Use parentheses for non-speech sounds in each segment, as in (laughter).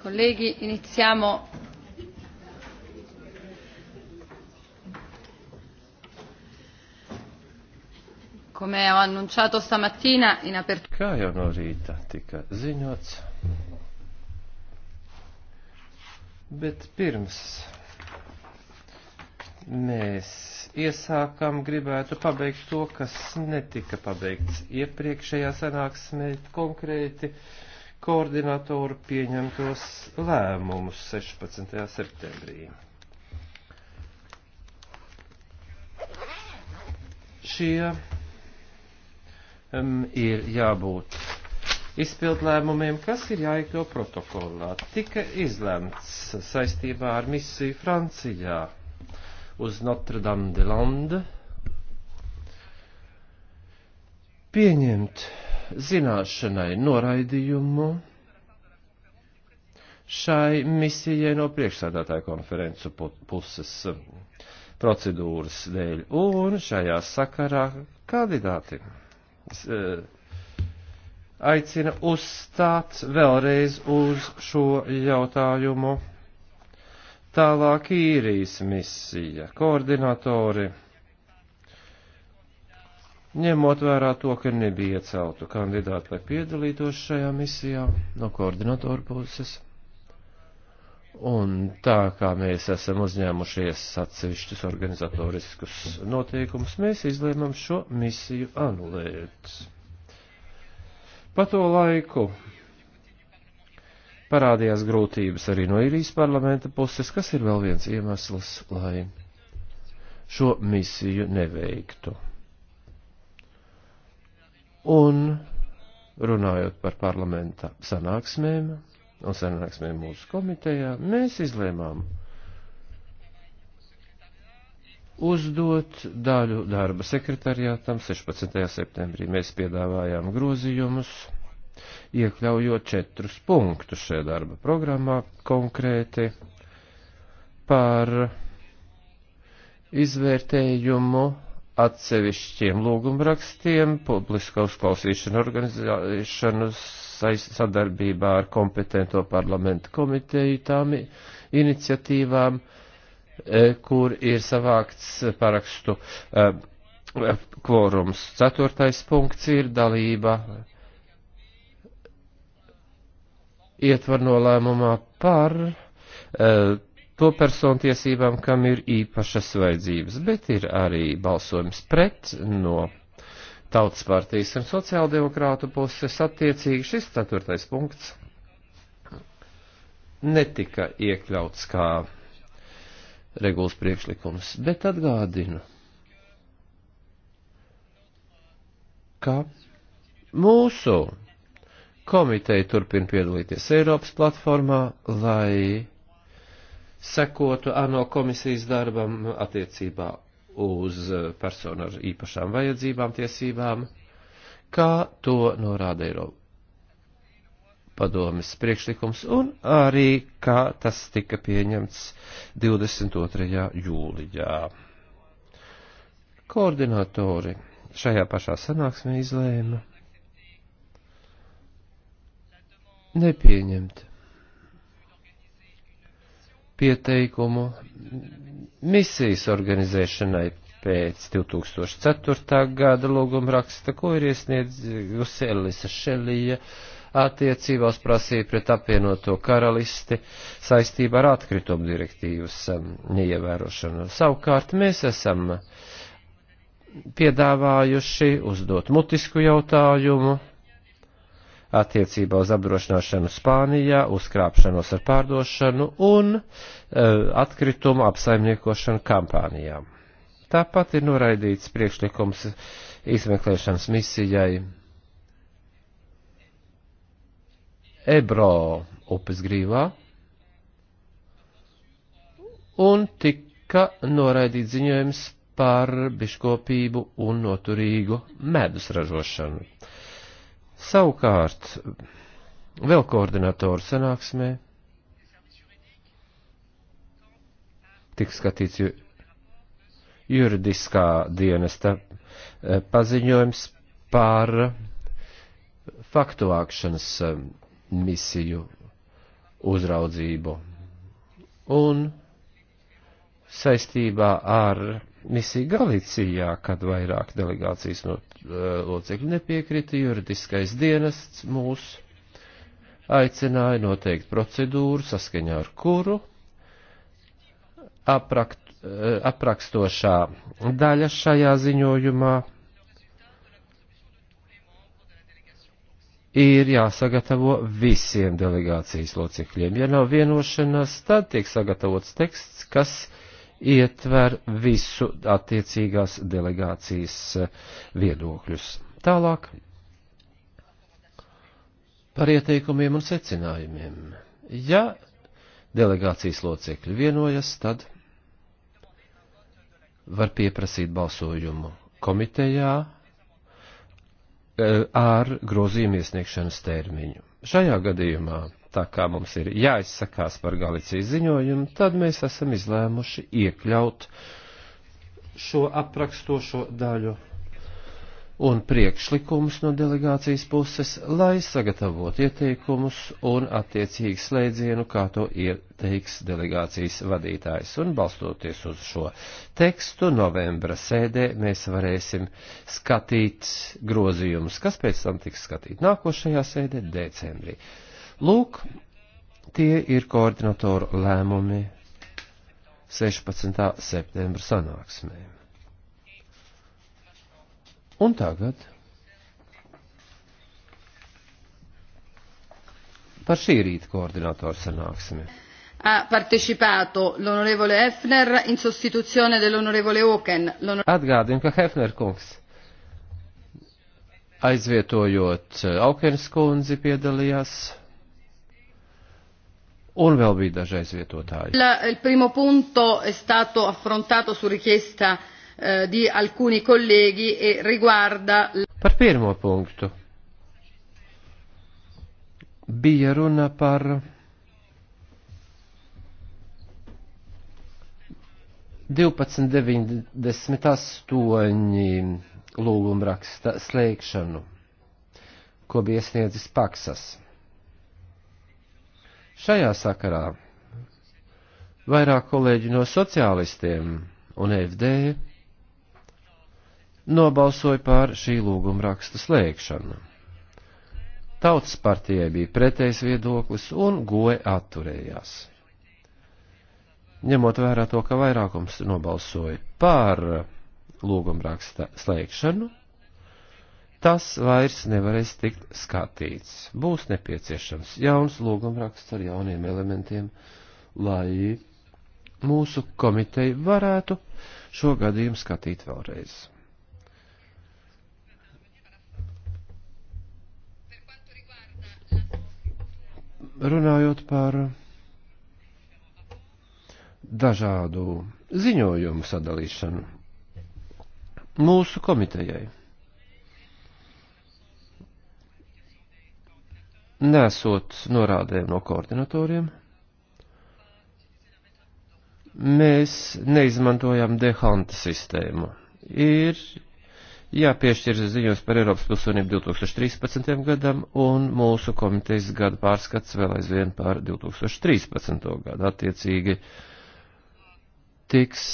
colleghi iniziamo Come ho annunciato stamattina in apertura. Kā jau no rīta tika ziņots, bet pirms mēs iesākam, gribētu pabeigt to, kas netika pabeigts iepriekšējā sanāksmē konkrēti koordinatoru pieņemtos lēmumus 16. septembrī. šie um, ir jābūt izpildlēmumiem, kas ir jāiekļau protokolā. Tika izlemts saistībā ar misiju Francijā uz Notre Dame de Lande pieņemt zināšanai noraidījumu šai misijai no priekšsādātāja konferencu puses procedūras dēļ un šajā sakarā kandidātiem. E, aicina uzstāt vēlreiz uz šo jautājumu. Tālāk īrijas misija, koordinatori, ņemot vērā to, ka nebija ieceltu kandidātu, lai piedalītos šajā misijā no koordinatoru puses. Un tā kā mēs esam uzņēmušies atsevišķus organizatoriskus noteikumus, mēs izlēmam šo misiju anulēt. Pa to laiku parādījās grūtības arī no īrijas parlamenta puses, kas ir vēl viens iemesls, lai šo misiju neveiktu. Un runājot par parlamenta sanāksmēm, un sanāksmēm mūsu komitejā, mēs izlēmām uzdot daļu darba sekretariātam 16. septembrī. Mēs piedāvājām grozījumus, iekļaujot četrus punktus šajā darba programmā konkrēti par izvērtējumu atsevišķiem lūgumrakstiem, publiska uzklausīšana organizēšanas sadarbībā ar kompetento parlamentu komiteju tām iniciatīvām, e, kur ir savākts parakstu e, kvorums. Ceturtais punkts ir dalība ietvar nolēmumā par e, to personu tiesībām, kam ir īpašas vajadzības, bet ir arī balsojums pret no tautas partijas un sociāldemokrātu puses attiecīgi šis ceturtais punkts netika iekļauts kā regulas priekšlikums, bet atgādinu, ka mūsu komiteja turpina piedalīties Eiropas platformā, lai sekotu ANO komisijas darbam attiecībā uz eh, personu ar īpašām vajadzībām, tiesībām, kā to norāda Eiropa padomis priekšlikums un arī, kā tas tika pieņemts 22. jūlijā. Koordinatori šajā pašā sanāksmē izlēma nepieņemt pieteikumu misijas organizēšanai pēc 2004. gada lūguma raksta, ko ir iesniedzusi Elisa Šelija attiecībās prasīja pret apvienoto karalisti saistībā ar atkritumu direktīvas um, neievērošanu. Savukārt mēs esam piedāvājuši uzdot mutisku jautājumu attiecībā uz apdrošināšanu Spānijā, uzkrāpšanos ar pārdošanu un e, atkritumu apsaimniekošanu kampānijām. Tāpat ir noraidīts priekšlikums izmeklēšanas misijai Ebro upes grīvā un tika noraidīts ziņojums par biškopību un noturīgu medus ražošanu. Savukārt, vēl koordinatoru sanāksmē tiks skatīts juridiskā dienesta e, paziņojums par faktu vākšanas e, misiju uzraudzību. Un saistībā ar misiju Galicijā, kad vairāk delegācijas no locekļi nepiekrita, juridiskais dienests mūs aicināja noteikt procedūru, saskaņā ar kuru aprakt, eh, aprakstošā daļa šajā ziņojumā ir jāsagatavo visiem delegācijas locekļiem. Ja nav vienošanās, tad tiek sagatavots teksts, kas ietver visu attiecīgās delegācijas eh, viedokļus. Tālāk par ieteikumiem un secinājumiem. Ja delegācijas locekļi vienojas, tad var pieprasīt balsojumu komitejā eh, ar grozījumu iesniegšanas termiņu. Šajā gadījumā tā kā mums ir jāizsakās par Galicijas ziņojumu, tad mēs esam izlēmuši iekļaut šo aprakstošo daļu un priekšlikumus no delegācijas puses, lai sagatavotu ieteikumus un attiecīgi slēdzienu, kā to ieteiks delegācijas vadītājs. Un balstoties uz šo tekstu, novembra sēdē mēs varēsim skatīt grozījumus, kas pēc tam tiks skatīt nākošajā sēdē decembrī. Lūk, tie ir koordinatoru lēmumi 16. septembra sanāksmē. Un tagad par šī rīta koordinatoru sanāksmi. Ha partecipato l'onorevole Hefner in sostituzione dell'onorevole Oken. Atgādinu, ka Hefner kungs aizvietojot eh, Aukenas kundzi piedalījās un vēl bija daži aizvietotāji. La, il primo punto è stato affrontato su richiesta eh, di alcuni colleghi e riguarda. Par pirmo punktu bija runa par divpadsmit deviņdesmit astoņi lūgumraksta slēgšanu, ko bija iesniedzis Paksas. Šajā sakarā vairāk kolēģi no sociālistiem un FD nobalsoja pār šī lūguma raksta slēgšanu. Tautas partijai bija pretējs viedoklis un goja atturējās. Ņemot vērā to, ka vairākums nobalsoja pār lūgumraksta slēgšanu, tas vairs nevarēs tikt skatīts. Būs nepieciešams jauns lūgumraksts ar jauniem elementiem, lai mūsu komiteja varētu šo gadījumu skatīt vēlreiz. Runājot par dažādu ziņojumu sadalīšanu mūsu komitejai. nesot norādēm no koordinatoriem, mēs neizmantojam dehanta sistēmu. Ir jāpiešķir ziņos par Eiropas pilsonību 2013. gadam un mūsu komitejas gada pārskats vēl aizvien par 2013. gadu. Attiecīgi tiks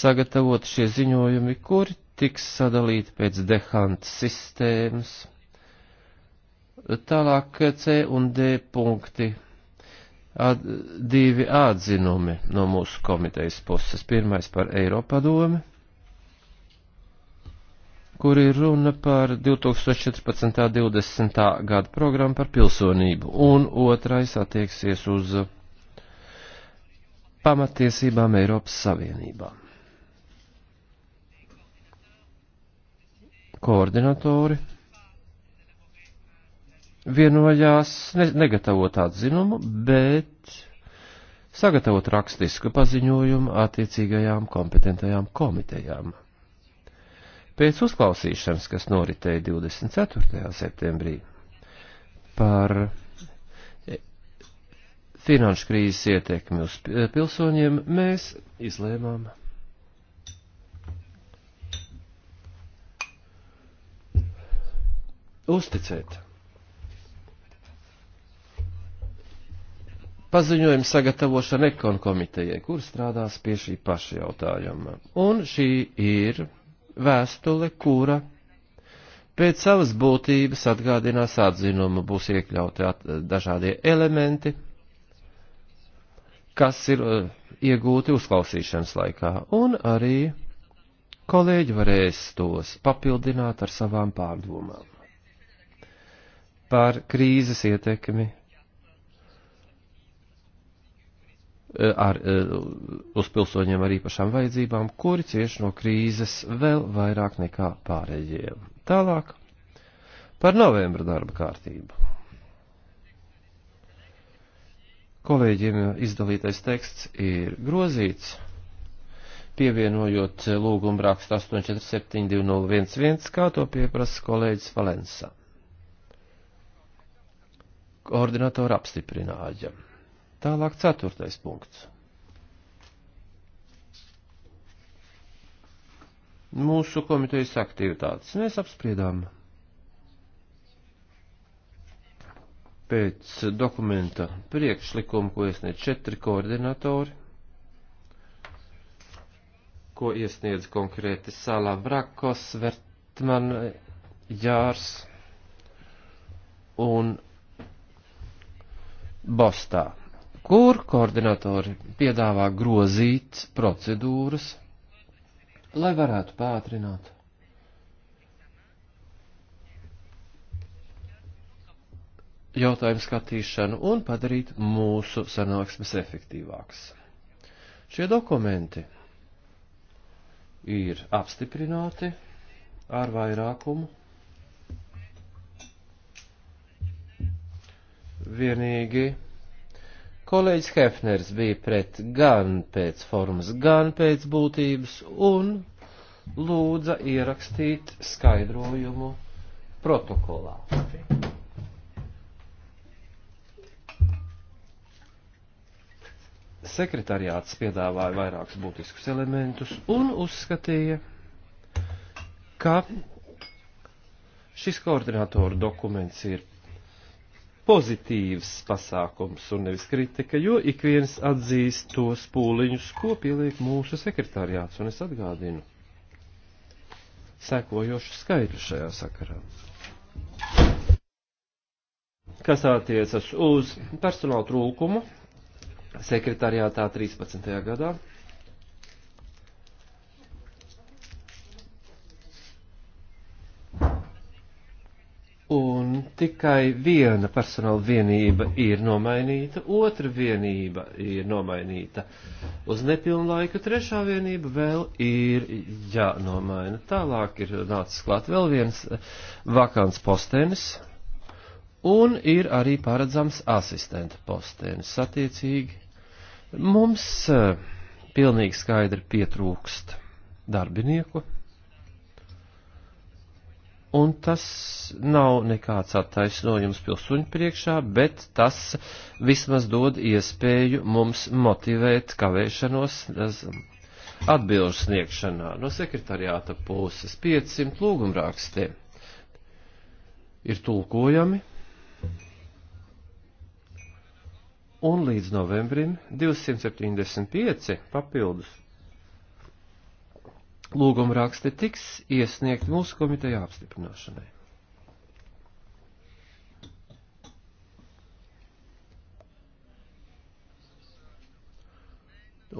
sagatavot šie ziņojumi, kuri tiks sadalīti pēc dehanta sistēmas Tālāk C un D punkti. Ad, divi atzinumi no mūsu komitejas puses. Pirmais par Eiropadomi, kur ir runa par 2014.20. gada programmu par pilsonību, un otrais attieksies uz pamatiesībām Eiropas Savienībā. Koordinatori vienojās ne, negatavot atzinumu, bet sagatavot rakstisku paziņojumu attiecīgajām kompetentajām komitejām. Pēc uzklausīšanas, kas noritēja 24. septembrī par e, finanšu krīzes ietekmi uz pilsoņiem, mēs izlēmām uzticēt paziņojuma sagatavošana ekonu komitejai, kur strādās pie šī paša jautājuma. Un šī ir vēstule, kura pēc savas būtības atgādinās atzinumu, būs iekļauti at, dažādie elementi, kas ir uh, iegūti uzklausīšanas laikā, un arī kolēģi varēs tos papildināt ar savām pārdomām par krīzes ietekmi E, ar, e, uz pilsoņiem ar īpašām vajadzībām, kuri cieš no krīzes vēl vairāk nekā pārējie. Tālāk par novembra darba kārtību. Kolēģiem izdalītais teksts ir grozīts, pievienojot lūgumu rakstu 8472011, kā to pieprasa kolēģis Valensa. Koordinatora apstiprināja. Tālāk ceturtais punkts. Mūsu komitejas aktivitātes mēs apspriedām pēc dokumenta priekšlikumu, ko iesniedz četri koordinatori, ko iesniedz konkrēti Sala Vrakos, Vertman, Jārs un Bostā kur koordinatori piedāvā grozīt procedūras, lai varētu pātrināt. jautājumu skatīšanu un padarīt mūsu sanāksmes efektīvākas. Šie dokumenti ir apstiprināti ar vairākumu. Vienīgi Kolēģis Hefners bija pret gan pēc formas, gan pēc būtības un lūdza ierakstīt skaidrojumu protokolā. Sekretariāts piedāvāja vairākus būtiskus elementus un uzskatīja, ka šis koordinātoru dokuments ir pozitīvs pasākums un nevis kritika, jo ik viens atzīst tos pūliņus, ko pieliek mūsu sekretārijāts, un es atgādinu sekojošu skaidru šajā sakarā. Kas attiecas uz personāla trūkumu sekretariātā 13. gadā, tikai viena personāla vienība ir nomainīta, otra vienība ir nomainīta uz nepilnu laiku, trešā vienība vēl ir jānomaina. Tālāk ir nācis klāt vēl viens eh, vakants postenis, un ir arī paredzams asistenta postenis. Attiecīgi, mums eh, pilnīgi skaidri pietrūkst darbinieku un tas nav nekāds attaisnojums pilsoņu priekšā, bet tas vismaz dod iespēju mums motivēt kavēšanos atbilžu sniegšanā no sekretariāta puses 500 lūgumrakstē. Ir tulkojami. Un līdz novembrim 275 papildus lūguma raksti tiks iesniegt mūsu komiteja apstiprināšanai.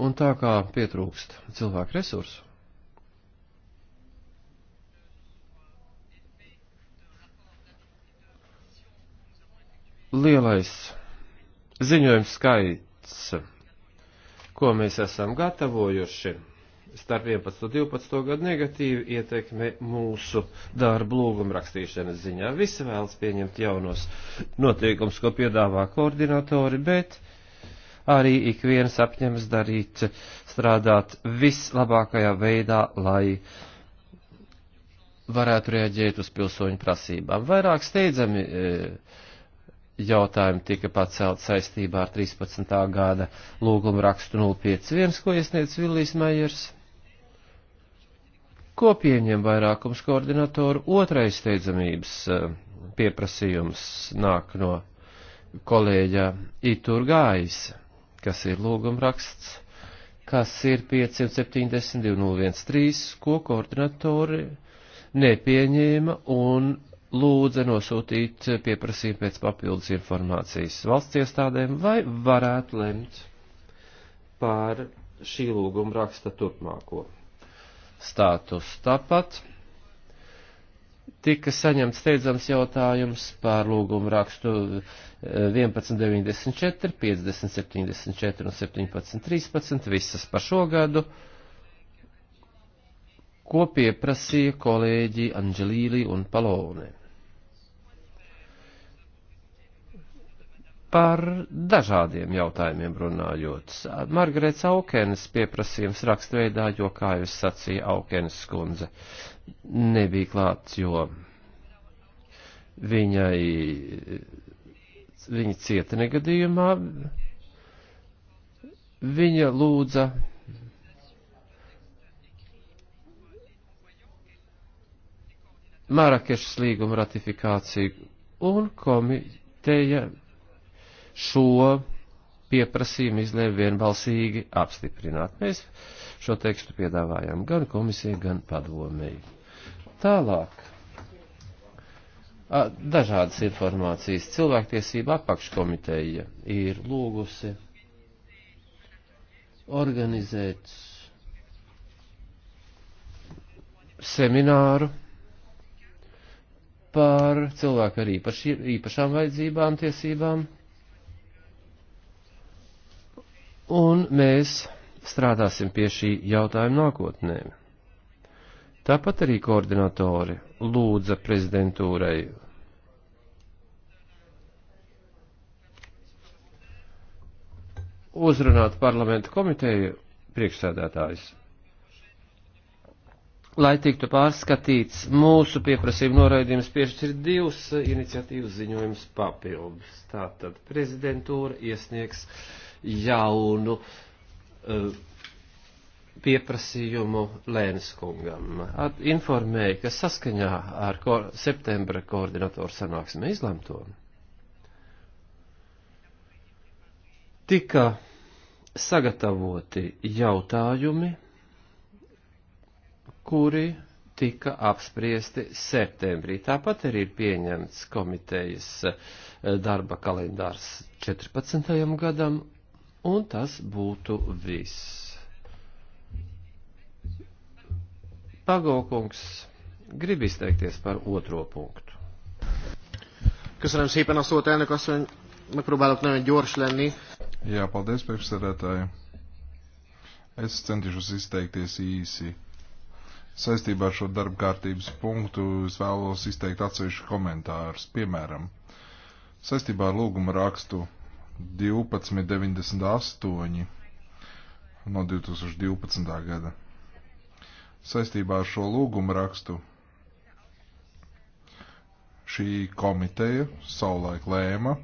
Un tā kā pietrūkst cilvēku resursu, lielais ziņojums skaits, ko mēs esam gatavojuši starp 11 un 12 gadu negatīvi ietekme mūsu darbu lūgumu rakstīšanas ziņā. Visi vēlas pieņemt jaunos noteikums, ko piedāvā koordinatori, bet arī ik viens apņemas darīt, strādāt vislabākajā veidā, lai varētu rēģēt uz pilsoņu prasībām. Vairāk steidzami eh, jautājumi tika pacelt saistībā ar 13. gada lūgumu rakstu 051, ko iesniedz Villijs Meijers ko pieņem vairākums koordinatoru. Otrais steidzamības eh, pieprasījums nāk no kolēģa Iturgājs, kas ir lūgumraksts, kas ir 572.01.3, ko koordinatori nepieņēma un lūdza nosūtīt pieprasījumu pēc papildus informācijas valsts iestādēm, vai varētu lemt pār šī lūguma raksta turpmāko status. Tāpat tika saņemts steidzams jautājums par lūgumu rakstu 1194, eh, 5074 un 1713, visas par šo gadu, ko pieprasīja kolēģi Anģelīli un Palone. par dažādiem jautājumiem runājot. Margarets Aukenes pieprasījums rakstveidā, jo, kā jūs sacīja Aukenes skundze, nebija klāts, jo viņai, viņa cieta negadījumā, viņa lūdza Marakešas līguma ratifikāciju un komiteja šo pieprasījumu izlēma vienbalsīgi apstiprināt. Mēs šo tekstu piedāvājam gan komisijai, gan padomēji. Tālāk. Dažādas informācijas cilvēktiesība apakškomiteja ir lūgusi organizēt semināru par cilvēku ar īpaši, īpašām vajadzībām, tiesībām Un mēs strādāsim pie šī jautājuma nākotnē. Tāpat arī koordinatori lūdza prezidentūrai uzrunāt parlamenta komiteju priekšsēdētājs, lai tiktu pārskatīts mūsu pieprasījuma noraidījums piešķir divas iniciatīvas ziņojums papildus. Tātad prezidentūra iesniegs jaunu e, pieprasījumu Lēnskungam. Informēja, ka saskaņā ar ko septembra koordinatoru sanāksmi izlemto tika sagatavoti jautājumi, kuri tika apspriesti septembrī. Tāpat arī ir pieņemts komitejas e, darba kalendārs 14. gadam Un tas būtu viss. Pagokungs grib izteikties par otro punktu. Köszönöm szépen a szót, elnök asszony. Megpróbálok nagyon gyors lenni. Jā, paldies, priekšsēdētāji. Es centīšos izteikties īsi. Saistībā ar šo darba kārtības punktu es vēlos izteikt atsevišķu komentārus. Piemēram, saistībā ar lūguma rakstu 1298 no 2012. gada. Saistībā ar šo lūgumu rakstu šī komiteja savulaik lēma,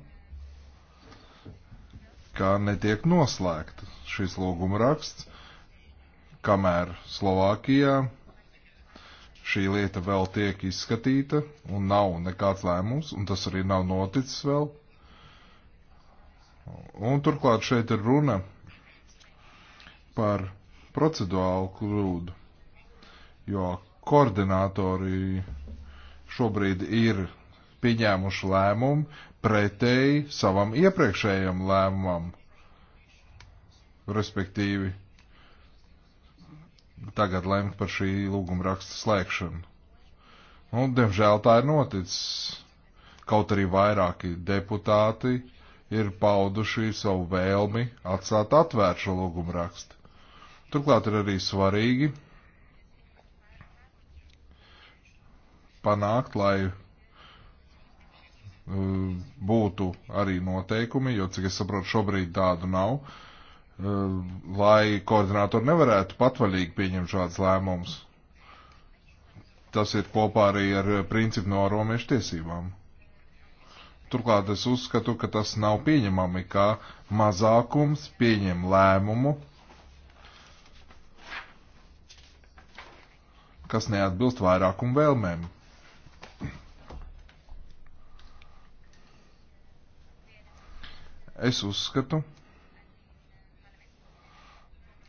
ka netiek noslēgta šis lūguma raksts, kamēr Slovākijā šī lieta vēl tiek izskatīta un nav nekāds lēmums, un tas arī nav noticis vēl. Un turklāt šeit ir runa par procedūālu kļūdu, jo koordinātori šobrīd ir pieņēmuši lēmumu pretēji savam iepriekšējam lēmumam, respektīvi tagad lemt par šī lūguma raksta slēgšanu. Un, nu, diemžēl, tā ir noticis. Kaut arī vairāki deputāti ir pauduši savu vēlmi atstāt atvērt šo lūgumu rakstu. Turklāt ir arī svarīgi panākt, lai uh, būtu arī noteikumi, jo, cik es saprotu, šobrīd tādu nav, uh, lai koordinātori nevarētu patvaļīgi pieņemt šāds lēmums. Tas ir kopā arī ar uh, principu no romiešu tiesībām. Turklāt es uzskatu, ka tas nav pieņemami, kā mazākums pieņem lēmumu, kas neatbilst vairākumu vēlmēm. Es uzskatu,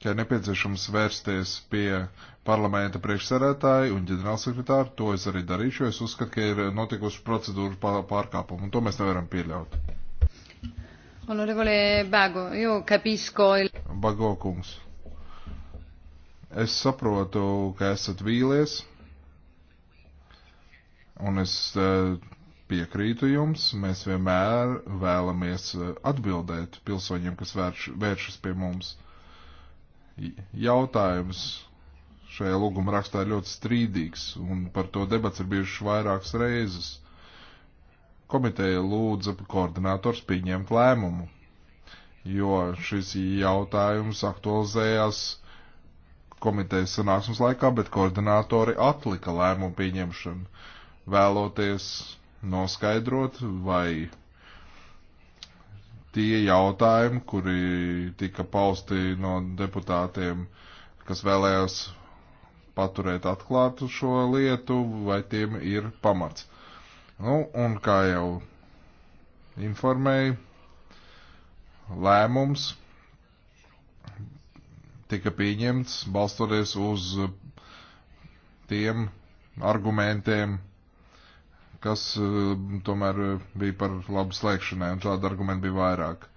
ka ir nepieciešams vērsties pie parlamenta priekšsarētāji un ģenerālsekretāri, to es arī darīšu, es uzskatu, ka ir notikusi procedūra pārkāpuma, un to mēs nevaram pieļaut. Onorevole Bago, jo capisco il... Bago kungs, es saprotu, ka esat vīlies, un es eh, piekrītu jums, mēs vienmēr vēlamies eh, atbildēt pilsoņiem, kas vērš, vēršas pie mums. Jautājums šajā lūguma rakstā ir ļoti strīdīgs, un par to debats ir bijušas vairākas reizes. Komiteja lūdza koordinators pieņemt lēmumu, jo šis jautājums aktualizējās komitejas sanāksmes laikā, bet koordinatori atlika lēmumu pieņemšanu, vēloties noskaidrot, vai tie jautājumi, kuri tika pausti no deputātiem, kas vēlējās paturēt atklātu šo lietu, vai tiem ir pamats. Nu, un kā jau informēju, lēmums tika pieņemts balstoties uz tiem argumentiem, kas eh, tomēr eh, bija par labu slēgšanai, un tādu argumentu bija vairāk.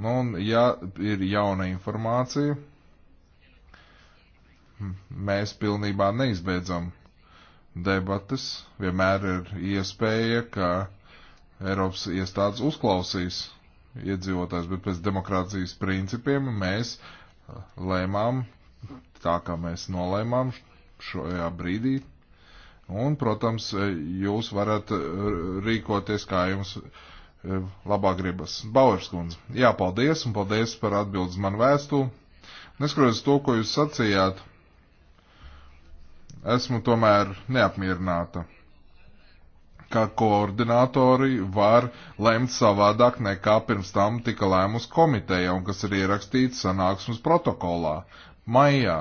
Nu, un, ja ir jauna informācija, mēs pilnībā neizbeidzam debatas. Vienmēr ir iespēja, ka Eiropas iestādes uzklausīs iedzīvotājs, bet pēc demokrātijas principiem mēs lēmām tā, kā mēs nolēmām šajā brīdī. Un, protams, jūs varat rīkoties, kā jums e, labāk gribas. Bauers kundze, jā, paldies un paldies par atbildes man vēstu. Neskatoties to, ko jūs sacījāt, esmu tomēr neapmierināta, ka koordinātori var lemt savādāk nekā pirms tam tika lēmus komiteja un kas ir ierakstīts sanāksmes protokolā maijā,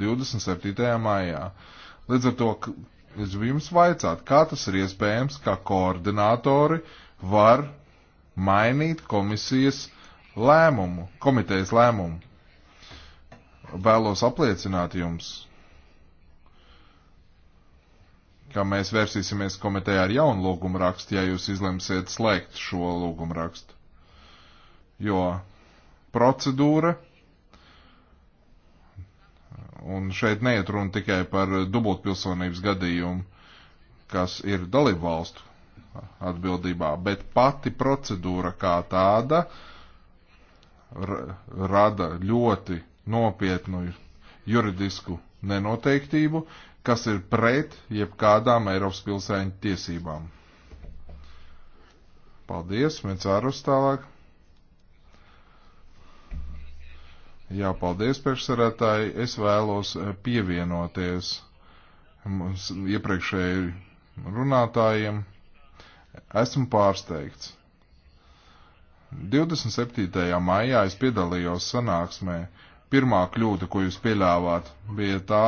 27. maijā. Līdz ar to es jums vaicāt, kā tas ir iespējams, ka koordinātori var mainīt komisijas lēmumu, komitejas lēmumu. Vēlos apliecināt jums, ka mēs vērsīsimies komitejā ar jaunu lūgumu rakstu, ja jūs izlemsiet slēgt šo lūgumu rakstu. Jo procedūra, un šeit neiet runa tikai par dubultpilsonības gadījumu, kas ir dalību valstu atbildībā, bet pati procedūra kā tāda rada ļoti nopietnu juridisku nenoteiktību, kas ir pret jebkādām Eiropas pilsēņu tiesībām. Paldies, mēs ārus tālāk. Jā, paldies, priekšsarētāji. Es vēlos eh, pievienoties mums iepriekšēji runātājiem. Esmu pārsteigts. 27. maijā es piedalījos sanāksmē. Pirmā kļūda, ko jūs pieļāvāt, bija tā,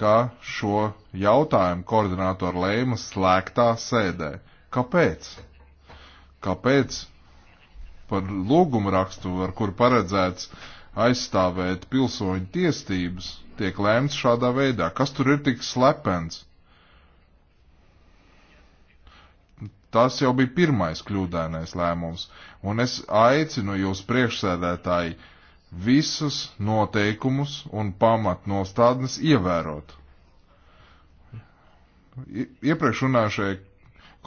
ka šo jautājumu koordinātori lēma slēgtā sēdē. Kāpēc? Kāpēc par lūgumu rakstu, ar kuru paredzēts aizstāvēt pilsoņu tiesības, tiek lēmts šādā veidā? Kas tur ir tik slepens? Tas jau bija pirmais kļūdainais lēmums, un es aicinu jūs priekšsēdētāji uh, visus noteikumus un pamatnostādnes ievērot. Iepriekš runājušie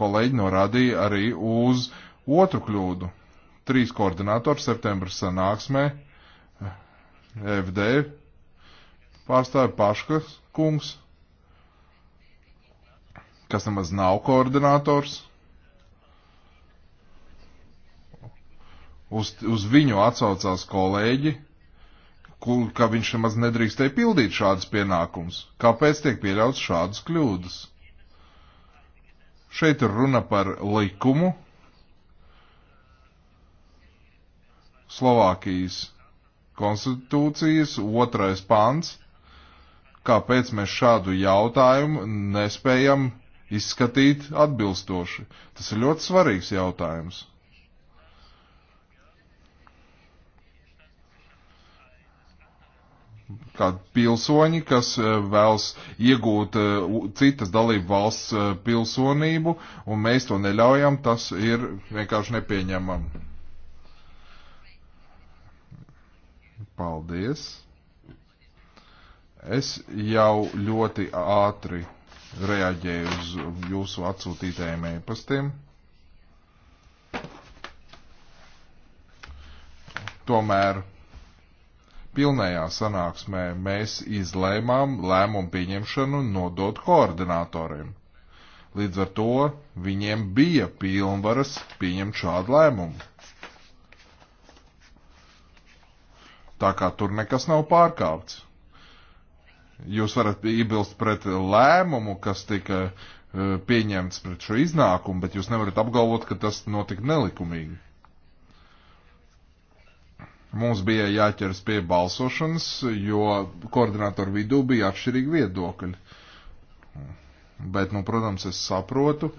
kolēģi norādīja arī uz otru kļūdu. Trīs koordinātori septembra sanāksmē FD pārstāja Paškas kungs, kas nemaz nav koordinators, Uz, uz viņu atsaucās kolēģi, kur, ka viņš nemaz nedrīkstēja pildīt šādas pienākums. Kāpēc tiek pieļauts šādas kļūdas? Šeit ir runa par likumu Slovākijas konstitūcijas otrais pants. Kāpēc mēs šādu jautājumu nespējam izskatīt atbilstoši? Tas ir ļoti svarīgs jautājums. kādi pilsoņi, kas eh, vēlas iegūt eh, citas dalību valsts eh, pilsonību, un mēs to neļaujam, tas ir vienkārši nepieņemam. Paldies. Es jau ļoti ātri reaģēju uz jūsu atsūtītajiem e-pastiem. Tomēr pilnējā sanāksmē mēs izlēmām lēmumu pieņemšanu nodot koordinatoriem. Līdz ar to viņiem bija pilnvaras pieņemt šādu lēmumu. Tā kā tur nekas nav pārkāpts. Jūs varat iebilst pret lēmumu, kas tika eh, pieņemts pret šo iznākumu, bet jūs nevarat apgalvot, ka tas notika nelikumīgi. Mums bija jāķers pie balsošanas, jo koordinātoru vidū bija atšķirīgi viedokļi. Bet, nu, protams, es saprotu.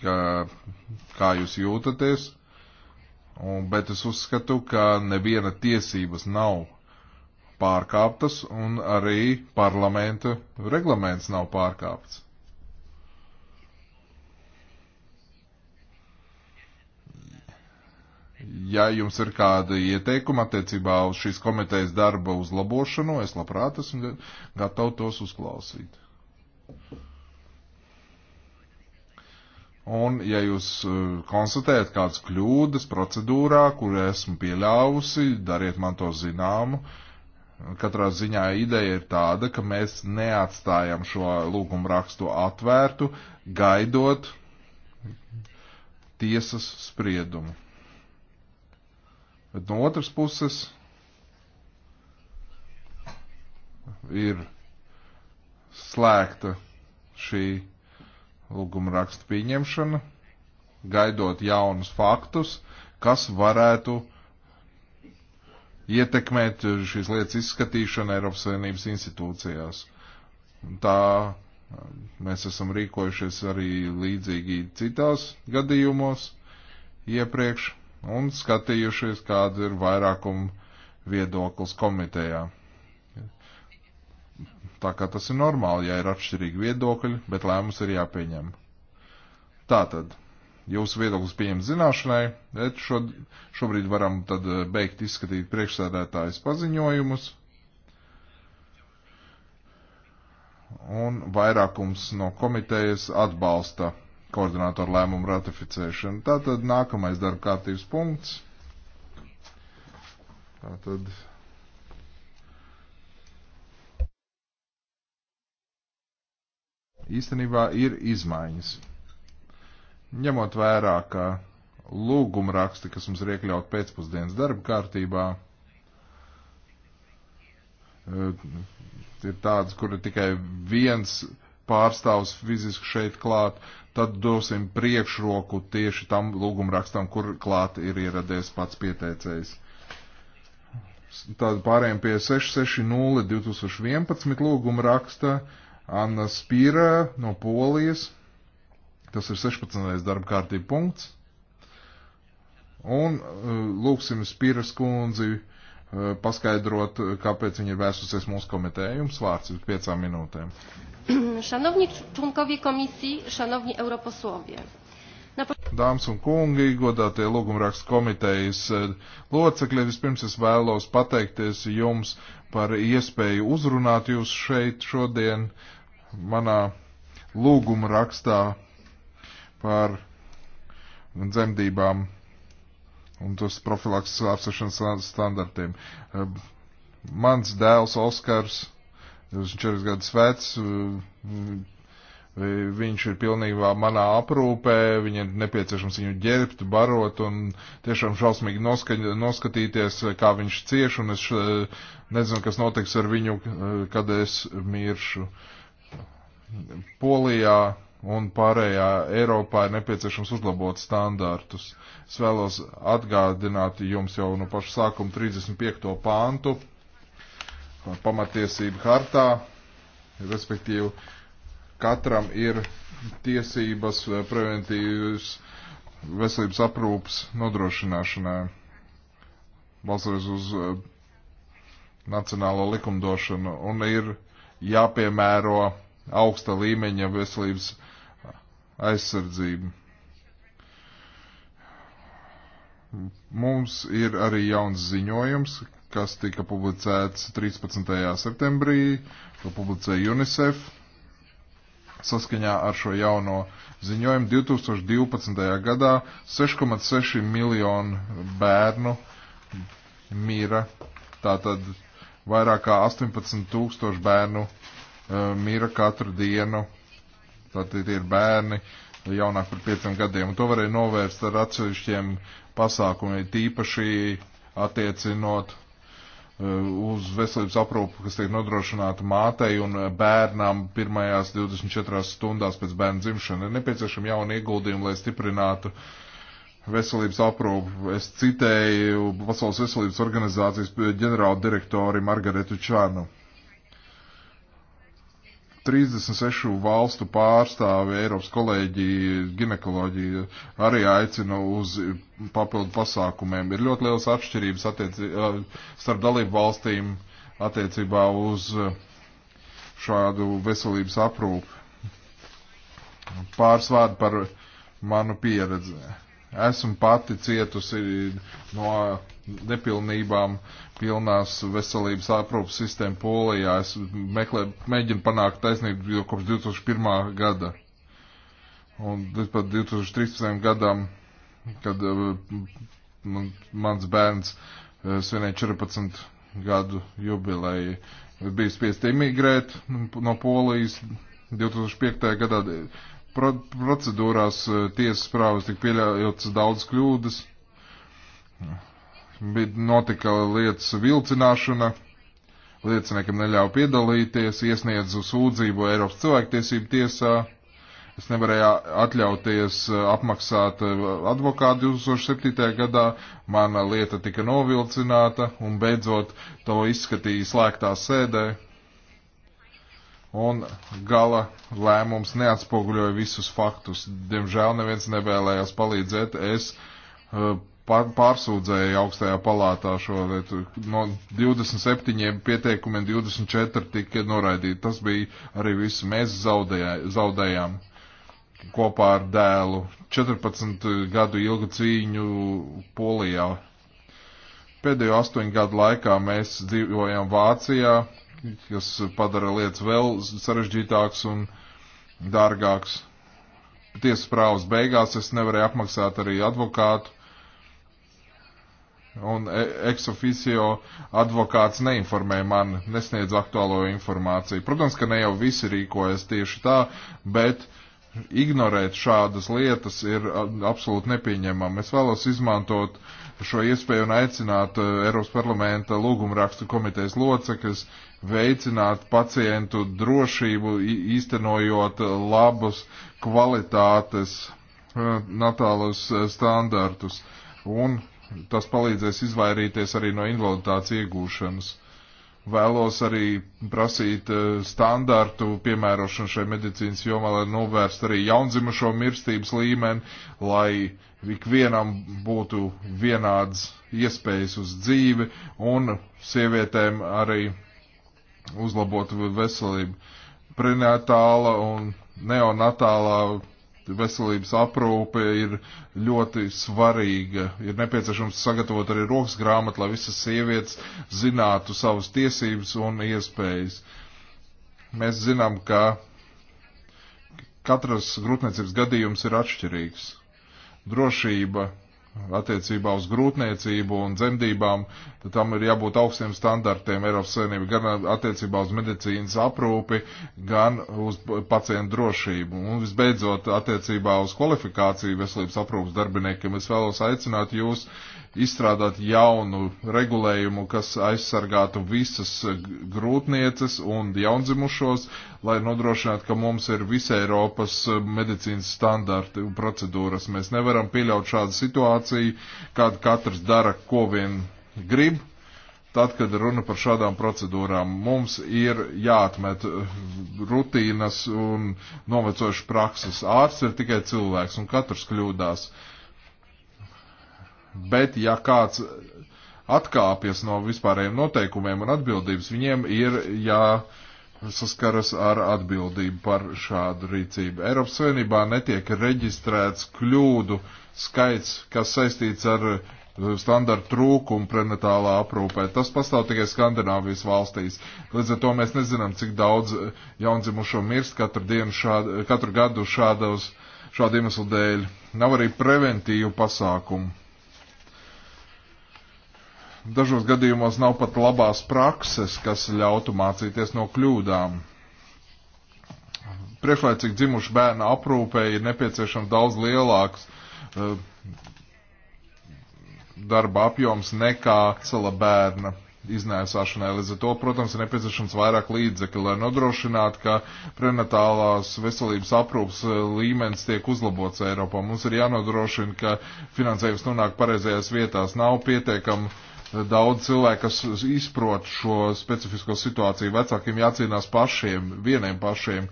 Ka, kā jūs jūtaties, un, bet es uzskatu, ka neviena tiesības nav pārkāptas, un arī parlamenta reglaments nav pārkāpts. Ja jums ir kāda ieteikuma attiecībā uz šīs komitejas darba uzlabošanu, es labprāt esmu gatavs tos uzklausīt. Un, ja jūs e, konstatējat kādas kļūdas procedūrā, kur esmu pieļāvusi, dariet man to zināmu. Katrā ziņā ideja ir tāda, ka mēs neatstājam šo lūgumu rakstu atvērtu, gaidot tiesas spriedumu. Bet no otras puses ir slēgta šī lūguma raksta pieņemšana, gaidot jaunus faktus, kas varētu ietekmēt šīs lietas izskatīšanu Eiropas Savienības institūcijās. Tā um, mēs esam rīkojušies arī līdzīgi citās gadījumos iepriekš un skatījušies, kāda ir vairākuma viedoklis komitejā. Tā kā tas ir normāli, ja ir atšķirīgi viedokļi, bet lēmums ir jāpieņem. Tātad, jūsu viedoklis pieņem zināšanai, bet šo, šobrīd varam tad eh, beigt izskatīt priekšsēdētājas paziņojumus. Un vairākums no komitejas atbalsta koordinātoru lēmumu ratificēšanu. Tātad nākamais darba kārtības punkts. Tātad. Īstenībā ir izmaiņas. Ņemot vērā, ka lūguma raksti, kas mums ir iekļaut pēcpusdienas darba kārtībā, eh, ir tāds, kur ir tikai viens pārstāvs fiziski šeit klāt, uh, tad dosim priekšroku tieši tam lūgumrakstam, kur klāt ir ieradies pats pieteicējs. Tad pārējiem pie 660 2011 lūgumraksta Anna Spīrā no Polijas. Tas ir 16. darba kārtība punkts. Un uh, lūksim Spīras kundzi uh, paskaidrot, kāpēc viņa ir vēsusies mūsu komitējums. Vārds ir piecām minūtēm. (clears throat) Szanowni członkowie komisji, szanowni europosłowie. Dāmas un kungi, godātie lūgumrakstu komitejas eh, locekļi, vispirms es vēlos pateikties jums par iespēju uzrunāt jūs šeit šodien manā lūgumrakstā par dzemdībām un tos profilakses apsešanas standartiem. Eh, mans dēls Oskars 24 gadus vecs, eh, viņš ir pilnībā manā aprūpē, viņam ir nepieciešams viņu ģērbt, barot un tiešām šausmīgi noska noskatīties, eh, kā viņš cieš, un es eh, nezinu, kas notiks ar viņu, kad es miršu. Polijā un pārējā Eiropā ir nepieciešams uzlabot standārtus. Es vēlos atgādināt jums jau no paša sākuma 35. pāntu pamatiesību hartā, respektīvi katram ir tiesības eh, preventīvas veselības aprūpas nodrošināšanā, balstoties uz eh, nacionālo likumdošanu, un ir jāpiemēro augsta līmeņa veselības aizsardzība. Mums ir arī jauns ziņojums, kas tika publicēts 13. septembrī, to publicēja UNICEF. Saskaņā ar šo jauno ziņojumu 2012. gadā 6,6 miljonu bērnu mira, tātad vairāk kā 18 tūkstoši bērnu uh, mira katru dienu. Tātad tie ir bērni jaunāk par 5 gadiem, un to varēja novērst ar atsevišķiem pasākumiem, tīpaši attiecinot Uh, uz veselības aprūpu, kas tiek nodrošināta mātei un bērnam pirmajās 24 stundās pēc bērna dzimšana. Ir nepieciešama jauna ieguldījuma, lai stiprinātu veselības aprūpu. Es citēju Pasaules veselības organizācijas ģenerāla direktori Margaretu Čānu. 36 valstu pārstāvi Eiropas kolēģi ginekoloģija arī aicina uz papildu pasākumiem. Ir ļoti liels atšķirības attieci, starp dalību valstīm attiecībā uz šādu veselības aprūpu. Pārsvārdu par manu pieredzi. Esmu pati cietusi no nepilnībām pilnās veselības aprūpas sistēma Polijā. Es meklē, mēģinu panākt taisnību jau kopš 2001. gada. Un līdz pat 2013. gadam, kad uh, man, mans bērns uh, svinēja 14 gadu jubileju, bija spiest imigrēt no Polijas. 2005. gadā pro procedūrās eh, tiesas prāvas tika pieļautas daudz kļūdas, notika lietas vilcināšana, lieciniekam neļāva piedalīties, iesniedzu sūdzību Eiropas cilvēktiesību tiesā. Es nevarēju atļauties eh, apmaksāt eh, advokātu 2007. gadā, mana lieta tika novilcināta un beidzot to izskatīja slēgtā sēdē, un gala lēmums neatspoguļoja visus faktus. Diemžēl neviens nevēlējās palīdzēt. Es eh, pārsūdzēju augstajā palātā šo lietu. No 27 pieteikumiem 24 tika noraidīti. Tas bija arī viss. Mēs zaudējām kopā ar dēlu 14 gadu ilgu cīņu Polijā. Pēdējo astoņu gadu laikā mēs dzīvojām Vācijā, kas padara lietas vēl sarežģītākas un dārgākas. Tiesas prāvas beigās es nevarēju apmaksāt arī advokātu, un e, ex officio advokāts neinformēja mani, nesniedz aktuālo informāciju. Protams, ka ne jau visi rīkojas tieši tā, bet ignorēt šādas lietas ir absolūti nepieņemama. Es vēlos izmantot šo iespēju un aicināt e, Eiropas parlamenta lūgumrakstu komitejas locekļus veicināt pacientu drošību, īstenojot labus kvalitātes eh, natālus eh, standartus. Un tas palīdzēs izvairīties arī no invaliditātes iegūšanas. Vēlos arī prasīt eh, standartu piemērošanu šai medicīnas jomā, lai novērst arī jaundzimušo mirstības līmeni, lai ikvienam būtu vienādas iespējas uz dzīvi un sievietēm arī uzlabot veselību. Prenatāla un neonatālā veselības aprūpe ir ļoti svarīga. Ir nepieciešams sagatavot arī rokas grāmatu, lai visas sievietes zinātu savas tiesības un iespējas. Mēs zinām, ka katras grūtniecības gadījums ir atšķirīgs. Drošība attiecībā uz grūtniecību un dzemdībām, tad tam ir jābūt augstiem standartiem Eiropas Savienība gan attiecībā uz medicīnas aprūpi, gan uz pacientu drošību. Un visbeidzot, attiecībā uz kvalifikāciju veselības aprūpas darbiniekiem, es vēlos aicināt jūs uh, izstrādāt jaunu regulējumu, kas aizsargātu visas grūtnieces un jaundzimušos, lai nodrošinātu, ka mums ir visa Eiropas medicīnas standarti un procedūras. Mēs nevaram pieļaut šādu situāciju, kāda katrs dara, ko vien grib. Tad, kad runa par šādām procedūrām, mums ir jāatmet rutīnas un novecojušas prakses. Ārsts ir tikai cilvēks, un katrs kļūdās. Uh, bet ja kāds atkāpjas no vispārējiem noteikumiem un atbildības, viņiem ir jāsaskaras ar atbildību par šādu rīcību. Eiropas Savienībā netiek reģistrēts kļūdu skaits, kas saistīts ar uh, standartu trūkumu prenatālā aprūpē. Tas pastāv tikai Skandināvijas valstīs. Līdz ar to mēs nezinām, cik daudz uh, jaundzimušo mirst katru, dienu šād, uh, katru gadu šādos, šādu iemeslu dēļ. Nav arī preventīvu pasākumu Dažos gadījumos nav pat labās prakses, kas ļautu mācīties no kļūdām. Priekšlaicīgi dzimuši bērnu aprūpē ir nepieciešams daudz lielāks uh, darba apjoms nekā cela bērna iznēsāšanai. Līdz ar to, protams, ir nepieciešams vairāk līdzekļu, lai nodrošinātu, ka prenatālās veselības aprūpas eh, līmenis tiek uzlabots Eiropā. Mums ir jānodrošina, ka finansējums nonāk pareizajās vietās. Nav pietiekami daudz cilvēku, kas izprot šo specifisko situāciju. Vecākiem jācīnās pašiem, vieniem pašiem.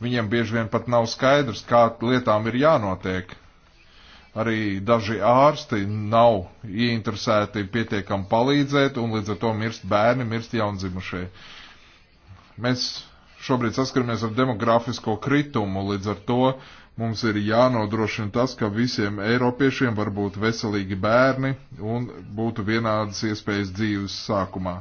Viņiem bieži vien pat nav skaidrs, kā lietām ir jānotiek. Arī daži ārsti nav ieinteresēti pietiekam palīdzēt, un līdz ar to mirst bērni, mirst jaundzimušie. Mēs šobrīd saskaramies ar demografisko kritumu, līdz ar to uh, Mums ir jānodrošina tas, ka visiem eiropiešiem var būt veselīgi bērni un būtu vienādas iespējas dzīves sākumā.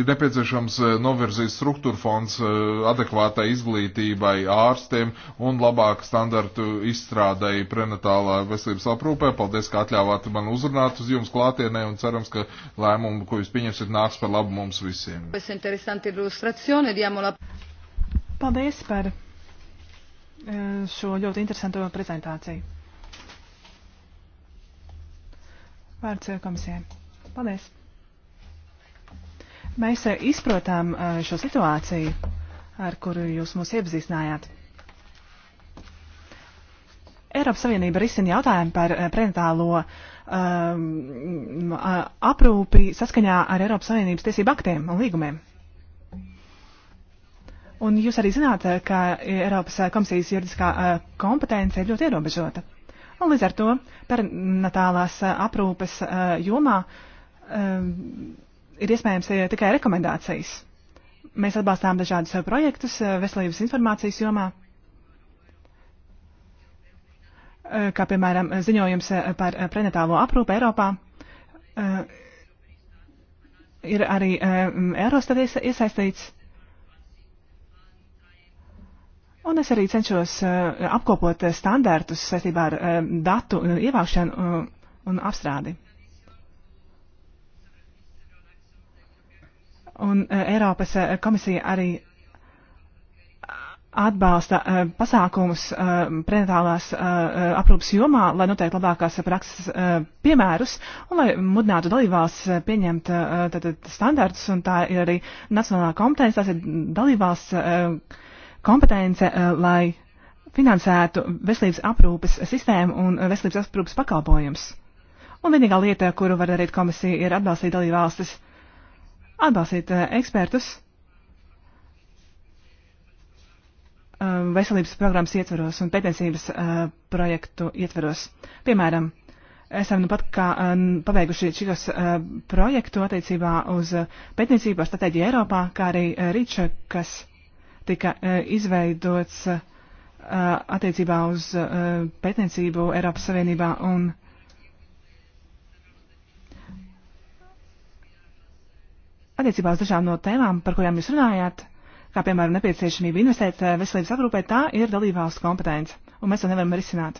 Ir nepieciešams eh, novirzīt struktūra fonds eh, adekvātai izglītībai ārstiem un labāku standartu izstrādai prenatālā veselības aprūpē. Paldies, ka atļāvāt man uzrunāt uz jums klātienē un cerams, ka lēmumu, ko jūs pieņemsiet, nāks par labu mums visiem. Paldies par Eh, šo ļoti interesanto prezentāciju. Vārds eh, komisijai. Paldies. Mēs eh, izprotam šo situāciju, ar kuru jūs mūs iepazīstinājāt. Eiropas Savienība risina jautājumu par prenatālo um, aprūpi saskaņā ar Eiropas Savienības tiesību aktiem un līgumiem. Un jūs arī zināt, eh, ka eh, Eiropas eh, komisijas juridiskā kompetence ir ļoti ierobežota. Un līdz ar to perinatālās aprūpes jomā ir iespējams tikai rekomendācijas. Mēs atbalstām dažādus projektus veselības informācijas jomā, kā piemēram ziņojums par prenatālo aprūpu Eiropā. Ir arī Eurostat iesaistīts. Un es arī cenšos eh, apkopot standārtus saistībā ar eh, datu eh, ievākšanu un apstrādi. Un Eiropas komisija arī atbalsta pasākumus prenatālās aprūpas jomā, lai noteikti labākās prakses piemērus un lai mudinātu dalībvalsts pieņemt tātad standartus, un tā ir arī nacionālā kompetence, tās ir dalībvalsts kompetence, eh, lai finansētu veselības aprūpes sistēmu un eh, veselības aprūpes pakalpojumus. Un vienīgā lieta, kuru var darīt komisija, ir atbalstīt dalībvalstis, atbalstīt eh, ekspertus veselības programmas ietvaros un pētniecības projektu ietvaros. Piemēram, esam nu pat kā pabeiguši šos projektu attiecībā uz pētniecību ar stratēģiju Eiropā, kā arī Riča, kas tika e, izveidots e, attiecībā uz e, pētniecību Eiropas Savienībā un attiecībā uz dažām no tēmām, par kurām jūs runājāt, kā piemēram nepieciešamība investēt veselības aprūpē, tā ir dalībvalsts kompetence, un mēs to nevaram risināt.